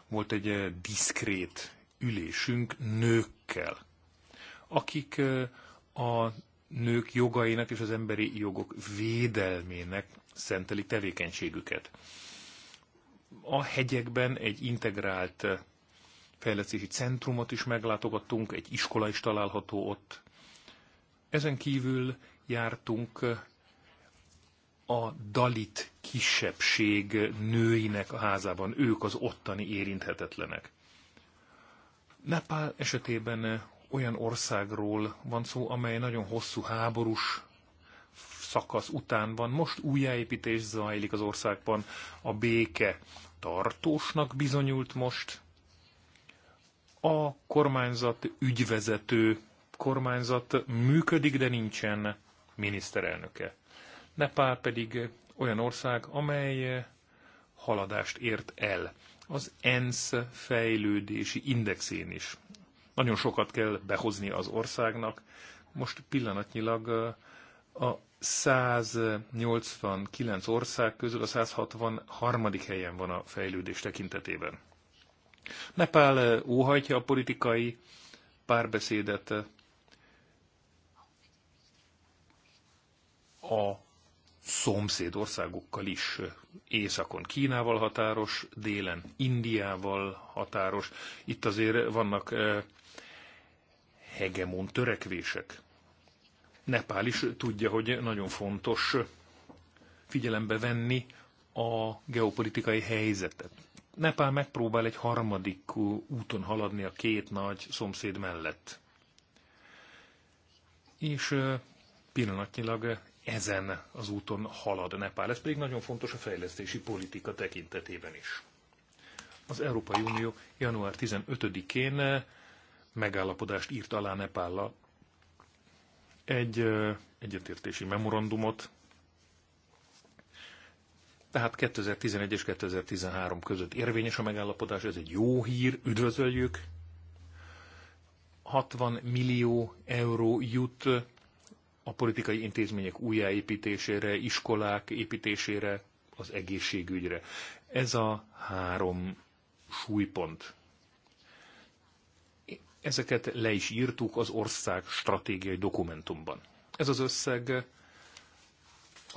Volt egy diszkrét ülésünk nőkkel, akik a nők jogainak és az emberi jogok védelmének szenteli tevékenységüket. A hegyekben egy integrált fejlesztési centrumot is meglátogattunk, egy iskola is található ott. Ezen kívül jártunk a dalit kisebbség nőinek a házában, ők az ottani érinthetetlenek. Nepál esetében eh, olyan országról van szó, amely nagyon hosszú háborús szakasz után van. Most újjáépítés zajlik az országban, a béke tartósnak bizonyult most. A kormányzat ügyvezető kormányzat működik, de nincsen miniszterelnöke. Nepál pedig olyan ország, amely eh, haladást ért el az ENSZ fejlődési indexén is. Nagyon sokat kell behozni az országnak. Most pillanatnyilag a 189 ország közül a 163. helyen van a fejlődés tekintetében. Nepál óhajtja a politikai párbeszédet a országokkal is. Északon Kínával határos, délen Indiával határos. Itt azért vannak hegemon törekvések. Nepál is tudja, hogy nagyon fontos figyelembe venni a geopolitikai helyzetet. Nepál megpróbál egy harmadik úton haladni a két nagy szomszéd mellett. És pillanatnyilag ezen az úton halad Nepál. Ez pedig nagyon fontos a fejlesztési politika tekintetében is. Az Európai Unió január 15-én eh, megállapodást írt alá Nepállal egy eh, egyetértési memorandumot, tehát 2011 és 2013 között érvényes a megállapodás, ez egy jó hír, üdvözöljük. 60 millió euró jut a politikai intézmények újjáépítésére, iskolák építésére, az egészségügyre. Ez a három súlypont. Ezeket le is írtuk az ország stratégiai dokumentumban. Ez az összeg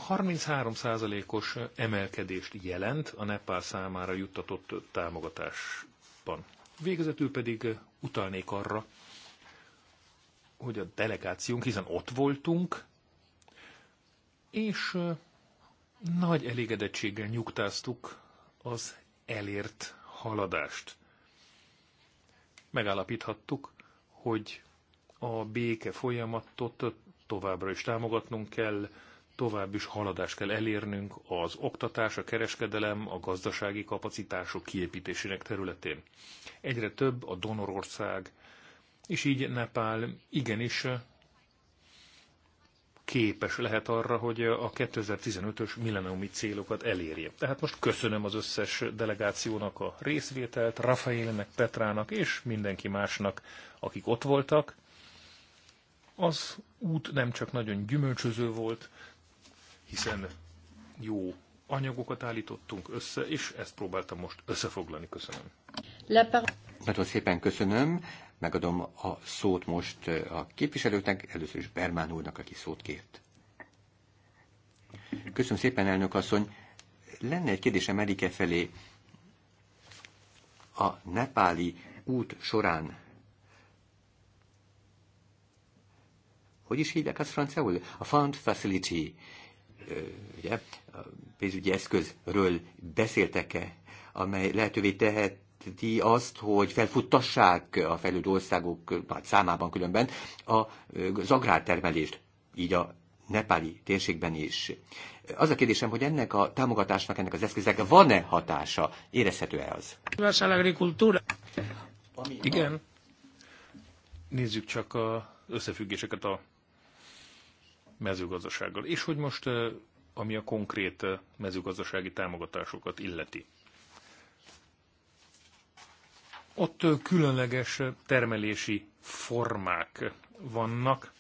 33%-os emelkedést jelent a Nepál számára juttatott támogatásban. Végezetül pedig utalnék arra, hogy a delegációnk, hiszen ott voltunk, és nagy elégedettséggel nyugtáztuk az elért haladást. Megállapíthattuk, hogy a béke folyamatot továbbra is támogatnunk kell, tovább is haladást kell elérnünk az oktatás, a kereskedelem, a gazdasági kapacitások kiépítésének területén. Egyre több a donorország, és így Nepál igenis képes lehet arra, hogy a 2015-ös millenniumi célokat elérje. Tehát most köszönöm az összes delegációnak a részvételt, Rafaelnek, Petrának és mindenki másnak, akik ott voltak. Az út nem csak nagyon gyümölcsöző volt, hiszen jó anyagokat állítottunk össze, és ezt próbáltam most összefoglalni. Köszönöm. Nagyon szépen köszönöm. Megadom a szót most a képviselőknek, először is Bermán úrnak, aki szót kért. Köszönöm szépen, elnök asszony. Lenne egy kérdés Erike felé. A nepáli út során hogy is hívják azt franciául? A Fund Facility, ugye, a pénzügyi eszközről beszéltek-e, amely lehetővé tehet jelenti azt, hogy felfuttassák a fejlődő országok nagy számában különben az agrártermelést, így a nepáli térségben is. Az a kérdésem, hogy ennek a támogatásnak, ennek az eszköznek van-e hatása? Érezhető-e az? Igen. Nézzük csak az összefüggéseket a mezőgazdasággal. És hogy most, eh, ami a konkrét eh, mezőgazdasági támogatásokat illeti. Ott különleges termelési formák vannak,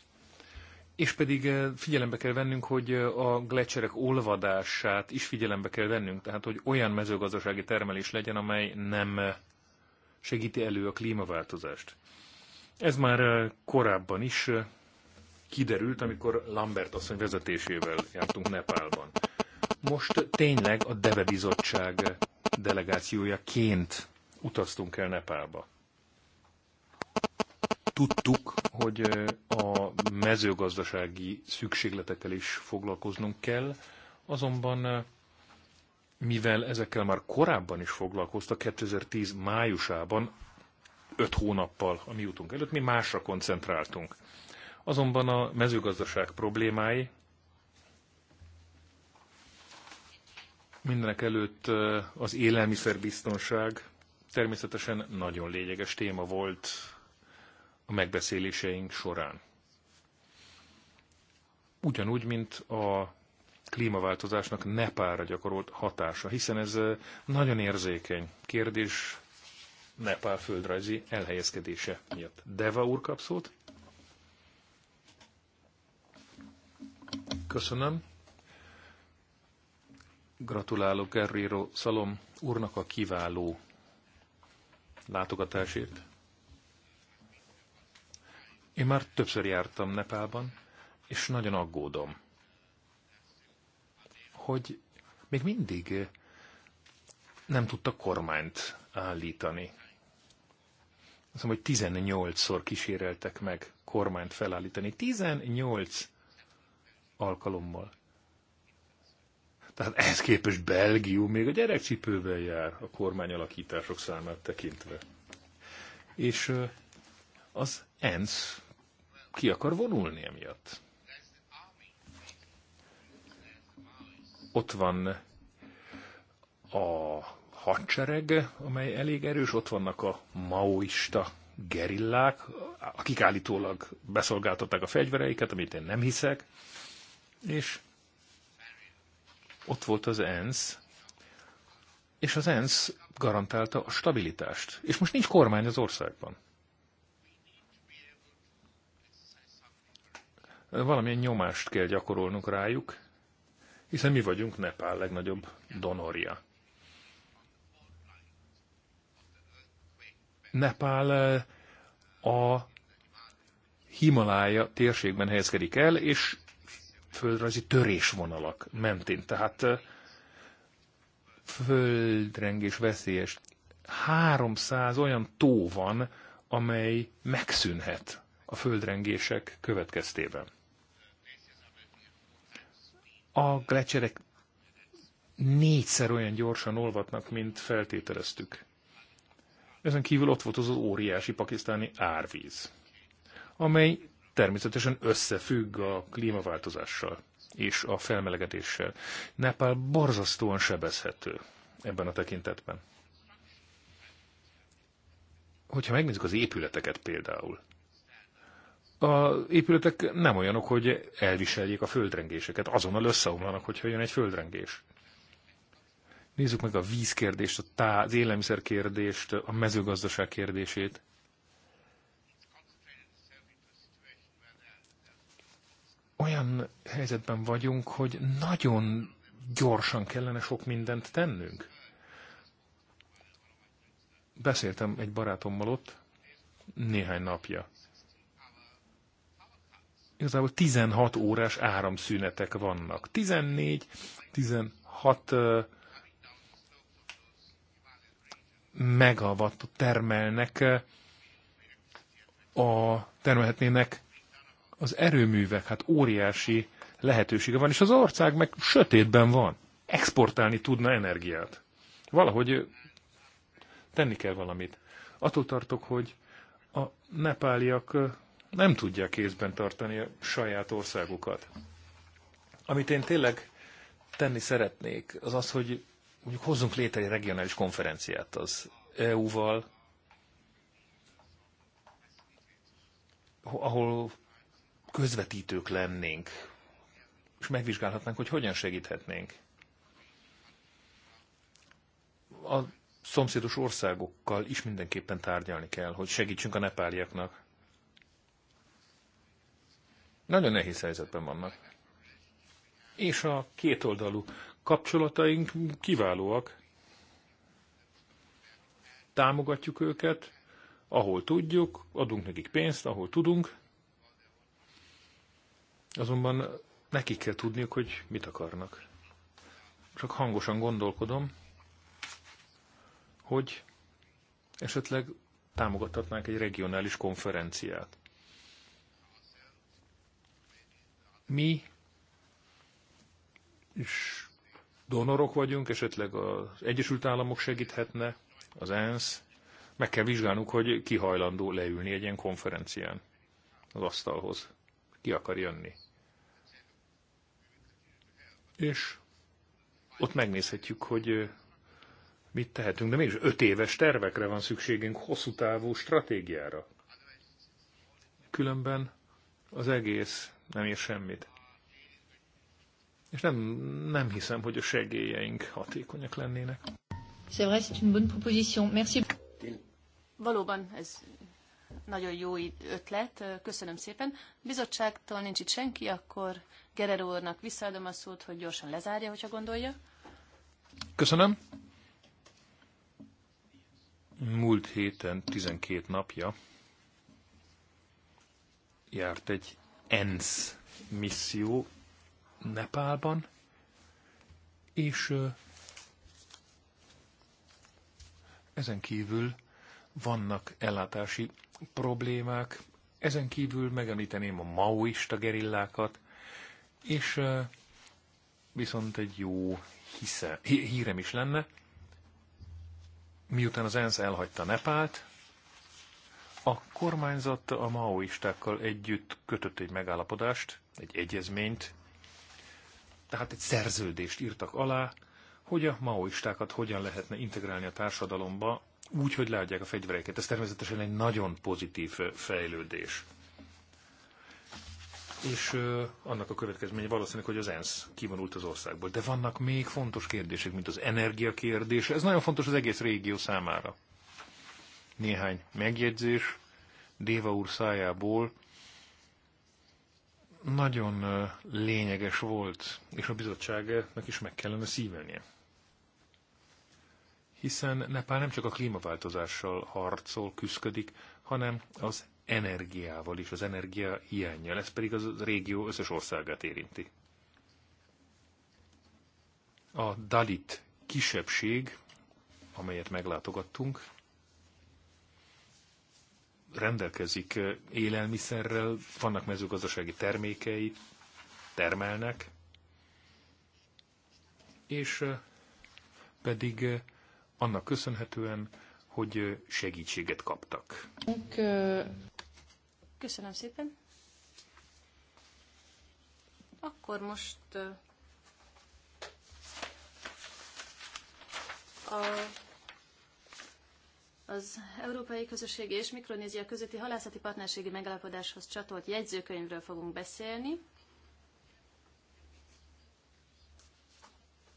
és pedig figyelembe kell vennünk, hogy a glecserek olvadását is figyelembe kell vennünk, tehát hogy olyan mezőgazdasági termelés legyen, amely nem segíti elő a klímaváltozást. Ez már korábban is kiderült, amikor Lambert asszony vezetésével jártunk Nepálban. Most tényleg a Deve Bizottság delegációjaként utaztunk el Nepálba. Tudtuk, hogy a mezőgazdasági szükségletekkel is foglalkoznunk kell, azonban mivel ezekkel már korábban is foglalkoztak, 2010 májusában, öt hónappal a mi útunk előtt, mi másra koncentráltunk. Azonban a mezőgazdaság problémái mindenek előtt az élelmiszerbiztonság természetesen nagyon lényeges téma volt a megbeszéléseink során. Ugyanúgy, mint a klímaváltozásnak Nepára gyakorolt hatása, hiszen ez eh, nagyon érzékeny kérdés Nepál földrajzi elhelyezkedése miatt. Deva úr kap szót. Köszönöm. Gratulálok Guerrero Szalom úrnak a kiváló látogatásért. Én már többször jártam Nepálban, és nagyon aggódom, hogy még mindig nem tudta kormányt állítani. Azt mondom, hogy 18-szor kíséreltek meg kormányt felállítani. 18 alkalommal. Tehát ehhez képest Belgium még a gyerekcipővel jár a kormányalakítások számát tekintve. És az ENSZ ki akar vonulni emiatt. Ott van a hadsereg, amely elég erős, ott vannak a maoista gerillák, akik állítólag beszolgáltatták a fegyvereiket, amit én nem hiszek, és ott volt az ENSZ, és az ENSZ garantálta a stabilitást. És most nincs kormány az országban. Valamilyen nyomást kell gyakorolnunk rájuk, hiszen mi vagyunk Nepál legnagyobb donorja. Nepál eh, a Himalája térségben helyezkedik el, és földrajzi törésvonalak mentén. Tehát földrengés veszélyes. 300 olyan tó van, amely megszűnhet a földrengések következtében. A glecserek négyszer olyan gyorsan olvatnak, mint feltételeztük. Ezen kívül ott volt az, az óriási pakisztáni árvíz, amely természetesen összefügg a klímaváltozással és a felmelegedéssel. Nepál borzasztóan sebezhető ebben a tekintetben. Hogyha megnézzük az épületeket például, a épületek nem olyanok, hogy elviseljék a földrengéseket, azonnal összeomlanak, hogyha jön egy földrengés. Nézzük meg a vízkérdést, a tá, az élelmiszer kérdést, a mezőgazdaság kérdését. olyan helyzetben vagyunk, hogy nagyon gyorsan kellene sok mindent tennünk. Beszéltem egy barátommal ott néhány napja. Igazából 16 órás áramszünetek vannak. 14, 16 megawattot termelnek a termelhetnének az erőművek, hát óriási lehetősége van, és az ország meg sötétben van. Exportálni tudna energiát. Valahogy tenni kell valamit. Attól tartok, hogy a nepáliak nem tudják kézben tartani a saját országukat. Amit én tényleg tenni szeretnék, az az, hogy mondjuk hozzunk létre egy regionális konferenciát az EU-val, ahol közvetítők lennénk, és megvizsgálhatnánk, hogy hogyan segíthetnénk. A szomszédos országokkal is mindenképpen tárgyalni kell, hogy segítsünk a nepáliaknak. Nagyon nehéz helyzetben vannak. És a kétoldalú kapcsolataink kiválóak. Támogatjuk őket, ahol tudjuk, adunk nekik pénzt, ahol tudunk, Azonban nekik kell tudniuk, hogy mit akarnak. Csak hangosan gondolkodom, hogy esetleg támogathatnánk egy regionális konferenciát. Mi is donorok vagyunk, esetleg az Egyesült Államok segíthetne, az ENSZ. Meg kell vizsgálnunk, hogy ki hajlandó leülni egy ilyen konferencián az asztalhoz. Ki akar jönni és ott megnézhetjük, hogy mit tehetünk, de mégis öt éves tervekre van szükségünk, hosszú távú stratégiára. Különben az egész nem ér semmit. És nem, nem hiszem, hogy a segélyeink hatékonyak lennének. C'est vrai, c'est une bonne proposition. Merci. Valóban ez nagyon jó ötlet, köszönöm szépen. Bizottságtól nincs itt senki, akkor Gerero úrnak visszaadom a szót, hogy gyorsan lezárja, hogyha gondolja. Köszönöm. Múlt héten 12 napja járt egy ENSZ misszió Nepálban, és ezen kívül vannak ellátási problémák. Ezen kívül megemlíteném a maoista gerillákat, és viszont egy jó hisze, hírem is lenne. Miután az ENSZ elhagyta Nepált, a kormányzat a maoistákkal együtt kötött egy megállapodást, egy egyezményt, tehát egy szerződést írtak alá, hogy a maoistákat hogyan lehetne integrálni a társadalomba úgy, hogy leadják a fegyvereket. Ez természetesen egy nagyon pozitív fejlődés. És ö, annak a következménye valószínűleg, hogy az ENSZ kivonult az országból. De vannak még fontos kérdések, mint az energia kérdése. Ez nagyon fontos az egész régió számára. Néhány megjegyzés Déva úr szájából nagyon lényeges volt, és a bizottságnak is meg kellene szívelnie hiszen Nepál nem csak a klímaváltozással harcol, küzdik, hanem az energiával is, az energia hiányjal. Ez pedig az régió összes országát érinti. A Dalit kisebbség, amelyet meglátogattunk, rendelkezik élelmiszerrel, vannak mezőgazdasági termékei, termelnek, és pedig annak köszönhetően, hogy segítséget kaptak. Köszönöm szépen. Akkor most a, az Európai Közösség és Mikronézia közötti halászati partnerségi megállapodáshoz csatolt jegyzőkönyvről fogunk beszélni.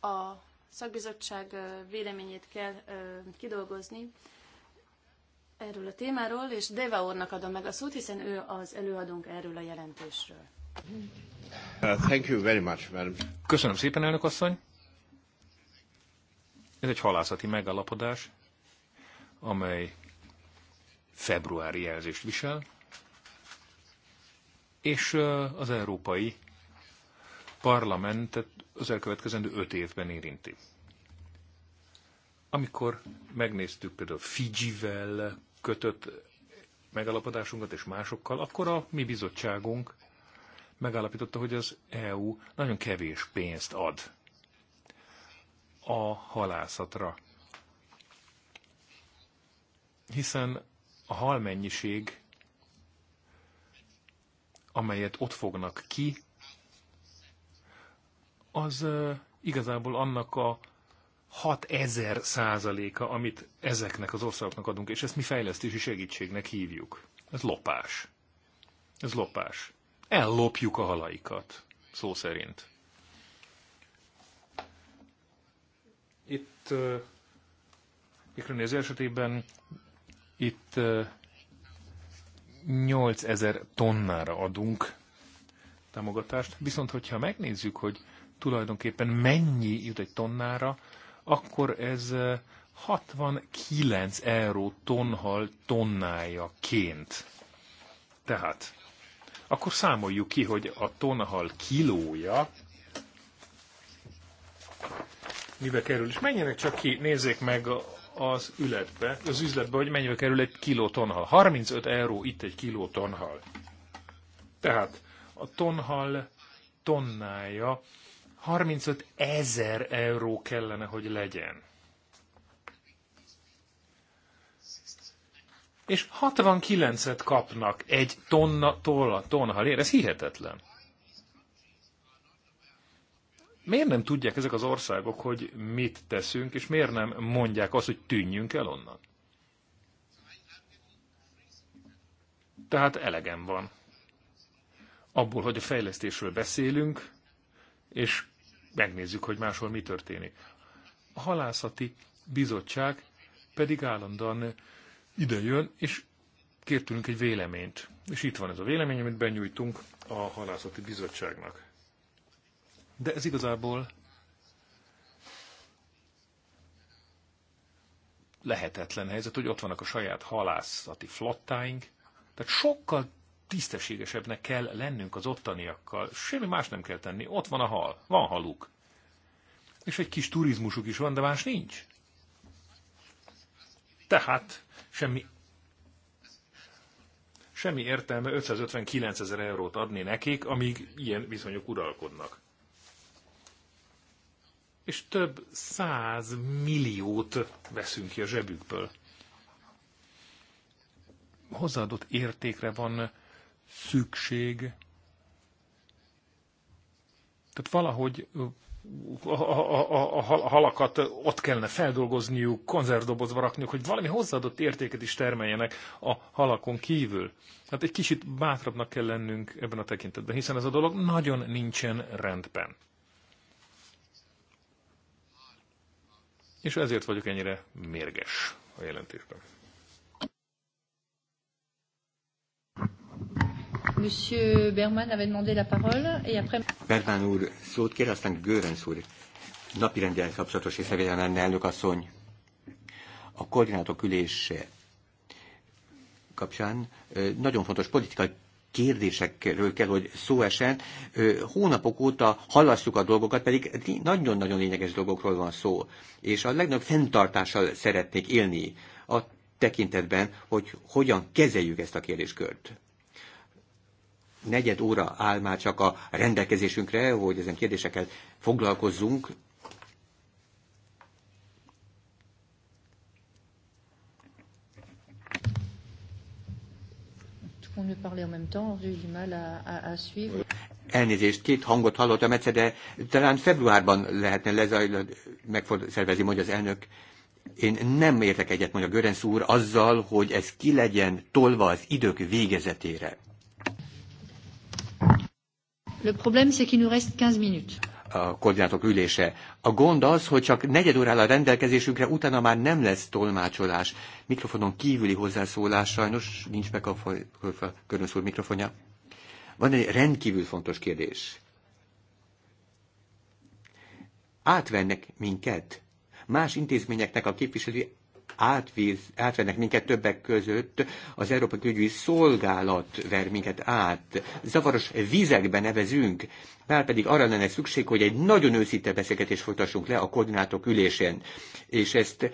A szakbizottság véleményét kell kidolgozni erről a témáról, és Deva úrnak adom meg a szót, hiszen ő az előadónk erről a jelentésről. Uh, thank you very much, madam. Köszönöm szépen, elnök asszony. Ez egy halászati megállapodás, amely februári jelzést visel, és az európai parlamentet az elkövetkezendő öt évben érinti. Amikor megnéztük például Fidzsivel kötött megalapodásunkat és másokkal, akkor a mi bizottságunk megállapította, hogy az EU nagyon kevés pénzt ad a halászatra. Hiszen a halmennyiség, amelyet ott fognak ki, az igazából annak a 6000 százaléka, amit ezeknek az országoknak adunk, és ezt mi fejlesztési segítségnek hívjuk. Ez lopás. Ez lopás. Ellopjuk a halaikat, szó szerint. Itt uh, Mikronéz esetében itt uh, 8000 tonnára adunk támogatást, viszont hogyha megnézzük, hogy tulajdonképpen mennyi jut egy tonnára, akkor ez 69 euró tonhal tonnájaként. Tehát, akkor számoljuk ki, hogy a tonhal kilója mibe kerül. És menjenek csak ki, nézzék meg ületbe, az üzletbe, hogy mennyibe kerül egy kiló tonhal. 35 euró itt egy kiló tonhal. Tehát a tonhal tonnája 35 ezer euró kellene, hogy legyen. És 69-et kapnak egy tonna tolla, tonhalért, ez hihetetlen. Miért nem tudják ezek az országok, hogy mit teszünk, és miért nem mondják azt, hogy tűnjünk el onnan? Tehát elegem van. Abból, hogy a fejlesztésről beszélünk, és megnézzük, hogy máshol mi történik. A halászati bizottság pedig állandóan idejön, és kért tőlünk egy véleményt. És itt van ez a vélemény, amit benyújtunk a halászati bizottságnak. De ez igazából lehetetlen helyzet, hogy ott vannak a saját halászati flottáink, tehát sokkal tisztességesebbnek kell lennünk az ottaniakkal. Semmi más nem kell tenni. Ott van a hal. Van haluk. És egy kis turizmusuk is van, de más nincs. Tehát semmi semmi értelme 559 ezer eurót adni nekik, amíg ilyen viszonyok uralkodnak. És több száz milliót veszünk ki a zsebükből. Hozzáadott értékre van szükség. Tehát valahogy a, a, a, a halakat ott kellene feldolgozniuk, konzervdobozba rakniuk, hogy valami hozzáadott értéket is termeljenek a halakon kívül. Hát egy kicsit bátrabbnak kell lennünk ebben a tekintetben, hiszen ez a dolog nagyon nincsen rendben. És ezért vagyok ennyire mérges a jelentésben. Monsieur Berman avait demandé la parole, et après... Berman úr szót kér, aztán Görens úr. Napirendjel kapcsolatos észrevétel lenne, elnök asszony. A koordinátok ülése kapcsán nagyon fontos politikai kérdésekről kell, hogy szó esen. Hónapok óta hallasszuk a dolgokat, pedig nagyon-nagyon lényeges dolgokról van szó, és a legnagyobb fenntartással szeretnék élni a tekintetben, hogy hogyan kezeljük ezt a kérdéskört negyed óra áll már csak a rendelkezésünkre, hogy ezen kérdésekkel foglalkozzunk. Elnézést, két hangot hallottam egyszer, de talán februárban lehetne lezajlani, megszervezni, mondja az elnök. Én nem értek egyet, mondja Görenc úr, azzal, hogy ez ki legyen tolva az idők végezetére. Le problème, c'est qu'il nous reste 15 minutes. A koordinátok ülése. A gond az, hogy csak negyed órára rendelkezésünkre, utána már nem lesz tolmácsolás. Mikrofonon kívüli hozzászólás sajnos nincs meg a Körönsz úr mikrofonja. Van egy rendkívül fontos kérdés. Átvennek minket. Más intézményeknek a képviselői átvíz, átvennek minket többek között, az Európai Külügyi Szolgálat ver minket át. Zavaros vizekbe nevezünk, már pedig arra lenne szükség, hogy egy nagyon őszinte beszélgetést folytassunk le a koordinátok ülésén. És ezt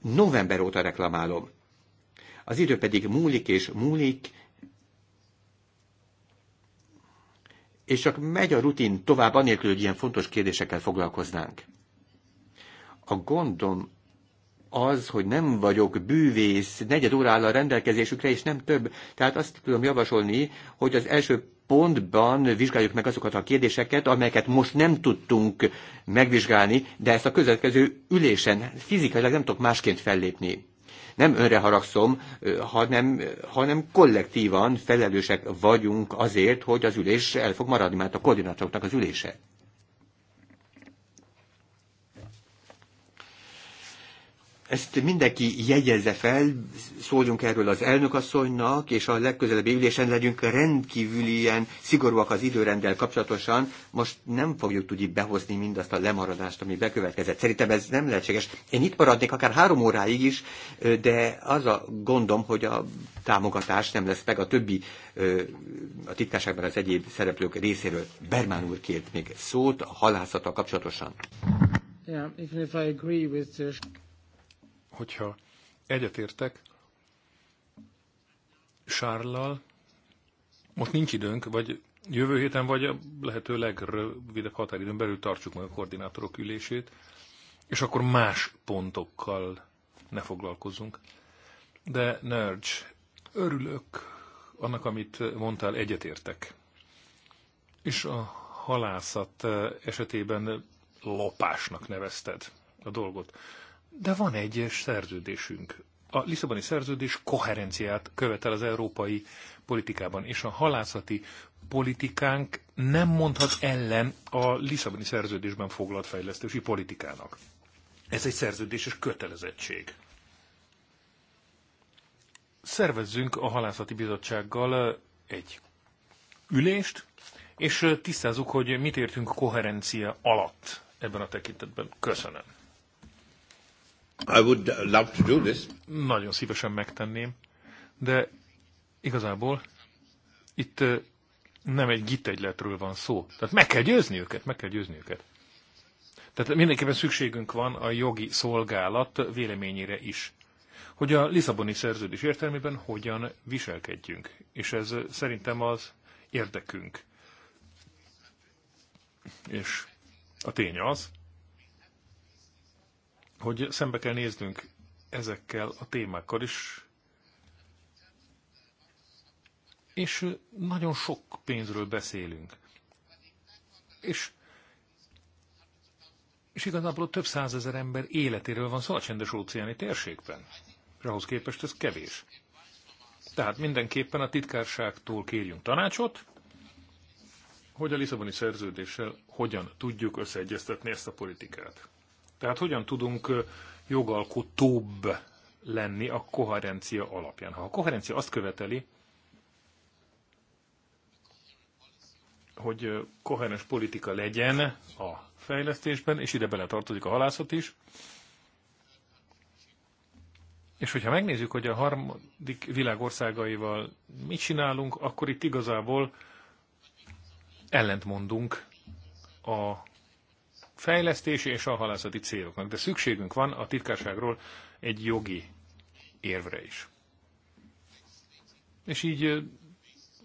november óta reklamálom. Az idő pedig múlik és múlik, és csak megy a rutin tovább, anélkül, hogy ilyen fontos kérdésekkel foglalkoznánk. A gondom az, hogy nem vagyok bűvész, negyed óra áll a rendelkezésükre, és nem több. Tehát azt tudom javasolni, hogy az első pontban vizsgáljuk meg azokat a kérdéseket, amelyeket most nem tudtunk megvizsgálni, de ezt a következő ülésen fizikailag nem tudok másként fellépni. Nem önre haragszom, hanem, hanem kollektívan felelősek vagyunk azért, hogy az ülés el fog maradni, mert a koordinátoroknak az ülése. Ezt mindenki jegyezze fel, szóljunk erről az elnökasszonynak, és a legközelebbi ülésen legyünk rendkívül ilyen szigorúak az időrenddel kapcsolatosan. Most nem fogjuk tudni behozni mindazt a lemaradást, ami bekövetkezett. Szerintem ez nem lehetséges. Én itt maradnék akár három óráig is, de az a gondom, hogy a támogatás nem lesz meg a többi a titkáságban az egyéb szereplők részéről. Bermán úr kért még szót a halászata kapcsolatosan. Yeah, even if I agree with this hogyha egyetértek Sárlal, most nincs időnk, vagy jövő héten, vagy a lehető legrövidebb határidőn belül tartsuk meg a koordinátorok ülését, és akkor más pontokkal ne foglalkozzunk. De Nerge, örülök annak, amit mondtál, egyetértek. És a halászat esetében lopásnak nevezted a dolgot. De van egy szerződésünk. A Lisszaboni szerződés koherenciát követel az európai politikában, és a halászati politikánk nem mondhat ellen a Lisszaboni szerződésben foglalt fejlesztési politikának. Ez egy szerződéses kötelezettség. Szervezzünk a halászati bizottsággal egy ülést, és tisztázzuk, hogy mit értünk koherencia alatt ebben a tekintetben. Köszönöm. I would uh, love to do this. Nagyon szívesen megtenném, de igazából itt uh, nem egy gitegyletről van szó. Tehát meg kell győzni őket, meg kell győzni őket. Tehát mindenképpen szükségünk van a jogi szolgálat véleményére is. Hogy a Lisszaboni szerződés értelmében hogyan viselkedjünk. És ez uh, szerintem az érdekünk. És a tény az, hogy szembe kell néznünk ezekkel a témákkal is, és nagyon sok pénzről beszélünk. És, és igazából több százezer ember életéről van szó a csendes óceáni térségben. És ahhoz képest ez kevés. Tehát mindenképpen a titkárságtól kérjünk tanácsot, hogy a Lisszaboni szerződéssel hogyan tudjuk összeegyeztetni ezt a politikát. Tehát hogyan tudunk jogalkotóbb lenni a koherencia alapján. Ha a koherencia azt követeli, hogy koherens politika legyen a fejlesztésben, és ide bele tartozik a halászat is. És hogyha megnézzük, hogy a harmadik világországaival mit csinálunk, akkor itt igazából ellentmondunk a fejlesztési és a halászati céloknak, de szükségünk van a titkárságról egy jogi érvre is. És így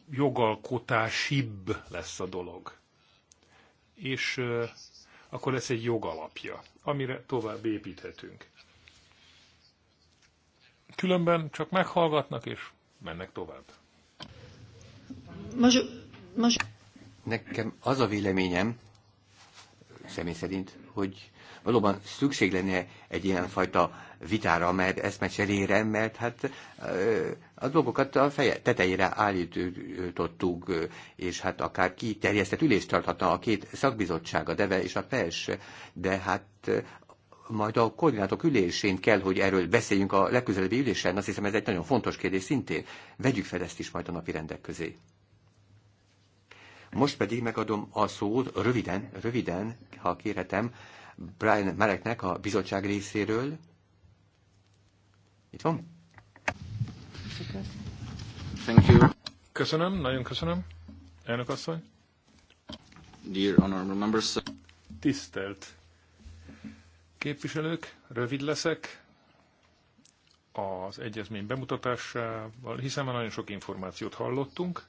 jogalkotásibb lesz a dolog. És akkor lesz egy jogalapja, amire tovább építhetünk. Különben csak meghallgatnak, és mennek tovább. Most, most... Nekem az a véleményem, személy szerint, hogy valóban szükség lenne egy ilyen fajta vitára, mert eszmecserére, mert hát a dolgokat a feje tetejére állítottuk, és hát akár kiterjesztett ülést tarthatna a két szakbizottság, a DEVE és a PES, de hát majd a koordinátok ülésén kell, hogy erről beszéljünk a legközelebbi ülésen. Azt hiszem, ez egy nagyon fontos kérdés szintén. Vegyük fel ezt is majd a napi rendek közé. Most pedig megadom a szót röviden, röviden, ha kérhetem, Brian Mareknek a bizottság részéről. Itt van? Thank you. Köszönöm, nagyon köszönöm. Elnök asszony. Dear honorable members. Tisztelt képviselők, rövid leszek az egyezmény bemutatásával, hiszen már nagyon sok információt hallottunk,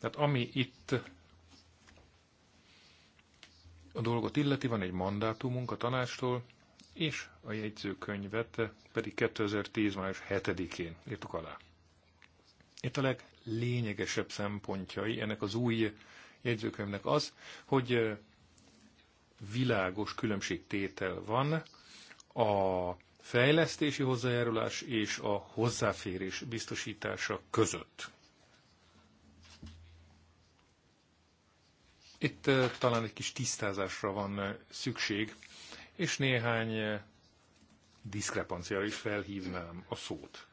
tehát ami itt a dolgot illeti, van egy mandátumunk a tanástól, és a jegyzőkönyvet pedig 2010. május 7-én írtuk alá. Itt a leglényegesebb szempontjai ennek az új jegyzőkönyvnek az, hogy világos különbségtétel van a fejlesztési hozzájárulás és a hozzáférés biztosítása között. Itt talán egy kis tisztázásra van szükség, és néhány diszkrepanciára is felhívnám a szót.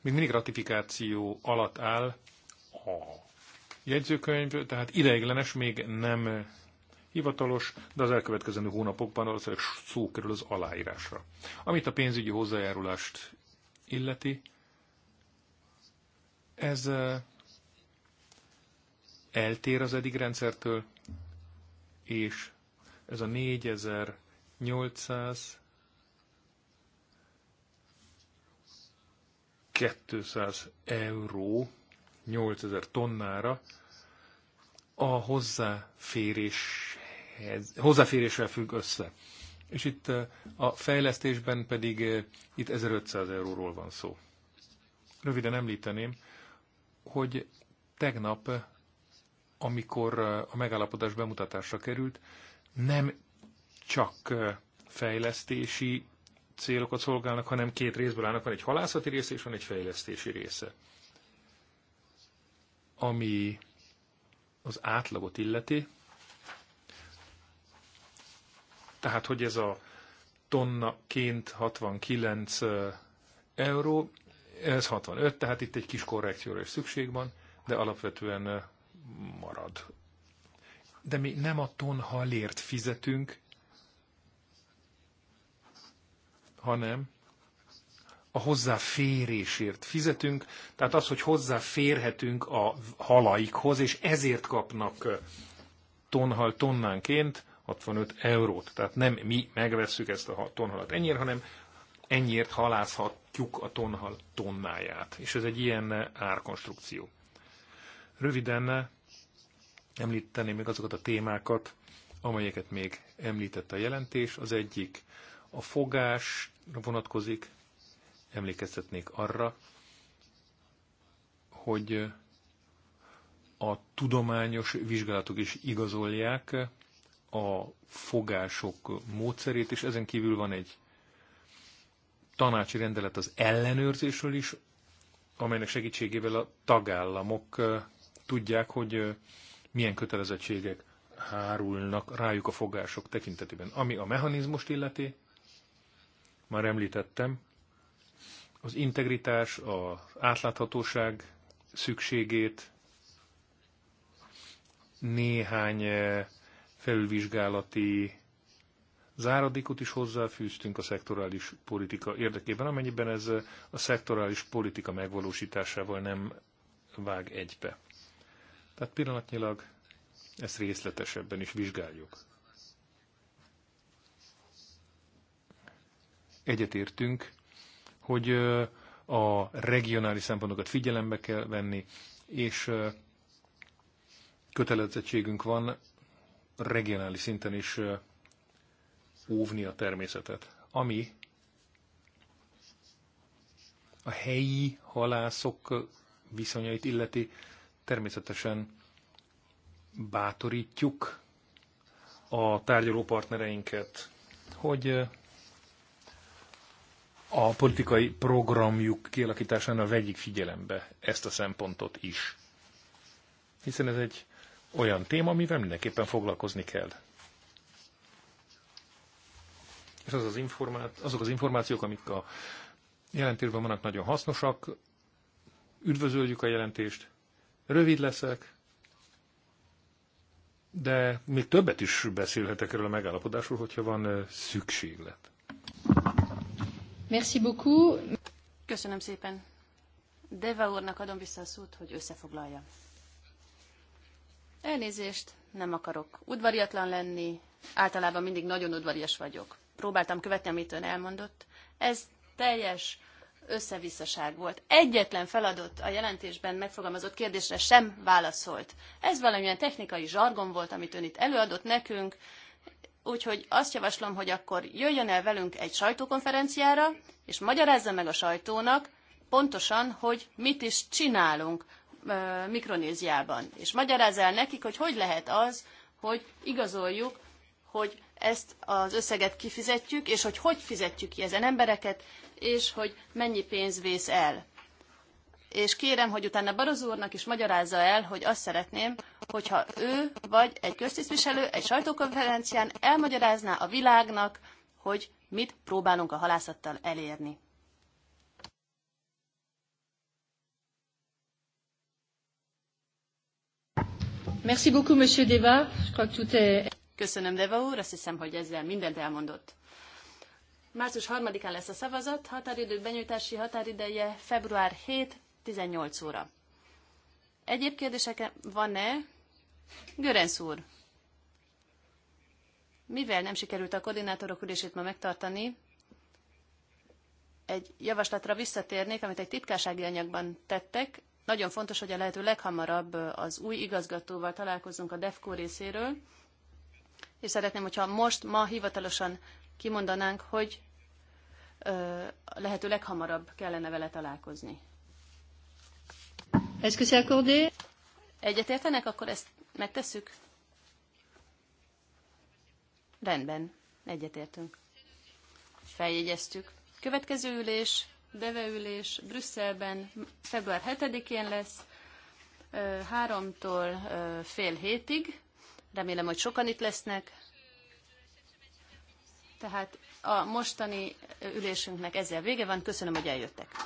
Még mindig ratifikáció alatt áll a jegyzőkönyv, tehát ideiglenes, még nem hivatalos, de az elkövetkező hónapokban valószínűleg szó kerül az aláírásra. Amit a pénzügyi hozzájárulást illeti, ez eltér az eddig rendszertől, és ez a 4800 200 euró 8000 tonnára a hozzáféréshez, hozzáféréssel függ össze. És itt eh, a fejlesztésben pedig eh, itt 1500 euróról van szó. Röviden említeném, hogy tegnap eh, amikor a megállapodás bemutatásra került, nem csak fejlesztési célokat szolgálnak, hanem két részből állnak, van egy halászati része és van egy fejlesztési része. Ami az átlagot illeti, tehát hogy ez a tonnaként 69 euró, ez 65, tehát itt egy kis korrekcióra is szükség van, de alapvetően marad. De mi nem a tonhalért fizetünk, hanem a hozzáférésért fizetünk, tehát az, hogy hozzáférhetünk a halaikhoz, és ezért kapnak tonhal tonnánként 65 eurót. Tehát nem mi megvesszük ezt a tonhalat ennyiért, hanem ennyiért halászhatjuk a tonhal tonnáját. És ez egy ilyen árkonstrukció. Röviden említeni még azokat a témákat, amelyeket még említett a jelentés. Az egyik a fogás vonatkozik, emlékeztetnék arra, hogy a tudományos vizsgálatok is igazolják a fogások módszerét, és ezen kívül van egy tanácsi rendelet az ellenőrzésről is, amelynek segítségével a tagállamok tudják, hogy milyen kötelezettségek hárulnak rájuk a fogások tekintetében. Ami a mechanizmust illeti, már említettem, az integritás, az átláthatóság szükségét, néhány felülvizsgálati záradékot is hozzáfűztünk a szektorális politika érdekében, amennyiben ez a szektorális politika megvalósításával nem vág egybe. Tehát pillanatnyilag ezt részletesebben is vizsgáljuk. Egyetértünk, hogy a regionális szempontokat figyelembe kell venni, és kötelezettségünk van regionális szinten is óvni a természetet. Ami a helyi halászok viszonyait illeti, természetesen bátorítjuk a tárgyaló partnereinket, hogy eh, a politikai programjuk kialakításánál vegyik figyelembe ezt a szempontot is. Hiszen ez egy olyan téma, amivel mindenképpen foglalkozni kell. És az az azok az információk, amik a jelentésben vannak, nagyon hasznosak. Üdvözöljük a jelentést, Rövid leszek, de még többet is beszélhetek erről a megállapodásról, hogyha van szükséglet. Merci beaucoup. Köszönöm szépen. Deva úrnak adom vissza a szót, hogy összefoglalja. Elnézést, nem akarok udvariatlan lenni, általában mindig nagyon udvarias vagyok. Próbáltam követni, amit ön elmondott. Ez teljes összevisszaság volt. Egyetlen feladott a jelentésben megfogalmazott kérdésre sem válaszolt. Ez valamilyen technikai zsargon volt, amit ön itt előadott nekünk, úgyhogy azt javaslom, hogy akkor jöjjön el velünk egy sajtókonferenciára, és magyarázza meg a sajtónak pontosan, hogy mit is csinálunk Mikronéziában. És magyarázza el nekik, hogy hogy lehet az, hogy igazoljuk, hogy ezt az összeget kifizetjük, és hogy hogy fizetjük ki ezen embereket, és hogy mennyi pénz vész el. És kérem, hogy utána Barozó úrnak is magyarázza el, hogy azt szeretném, hogyha ő vagy egy köztisztviselő egy sajtókonferencián elmagyarázná a világnak, hogy mit próbálunk a halászattal elérni. Merci beaucoup, Monsieur Deva. Je crois que tout est... Köszönöm, Deva úr, azt hiszem, hogy ezzel mindent elmondott. Március 3-án lesz a szavazat, határidő benyújtási határideje február 7, 18 óra. Egyéb kérdések van-e? Görensz úr, mivel nem sikerült a koordinátorok ülését ma megtartani, egy javaslatra visszatérnék, amit egy titkársági anyagban tettek. Nagyon fontos, hogy a lehető leghamarabb az új igazgatóval találkozzunk a DEFCO részéről, és szeretném, hogyha most, ma hivatalosan kimondanánk, hogy lehető leghamarabb kellene vele találkozni. Est-ce Egyetértenek, akkor ezt megtesszük? Rendben, egyetértünk. Feljegyeztük. Következő ülés, deveülés Brüsszelben február 7-én lesz, háromtól fél hétig. Remélem, hogy sokan itt lesznek. Tehát a mostani ülésünknek ezzel vége van. Köszönöm, hogy eljöttek.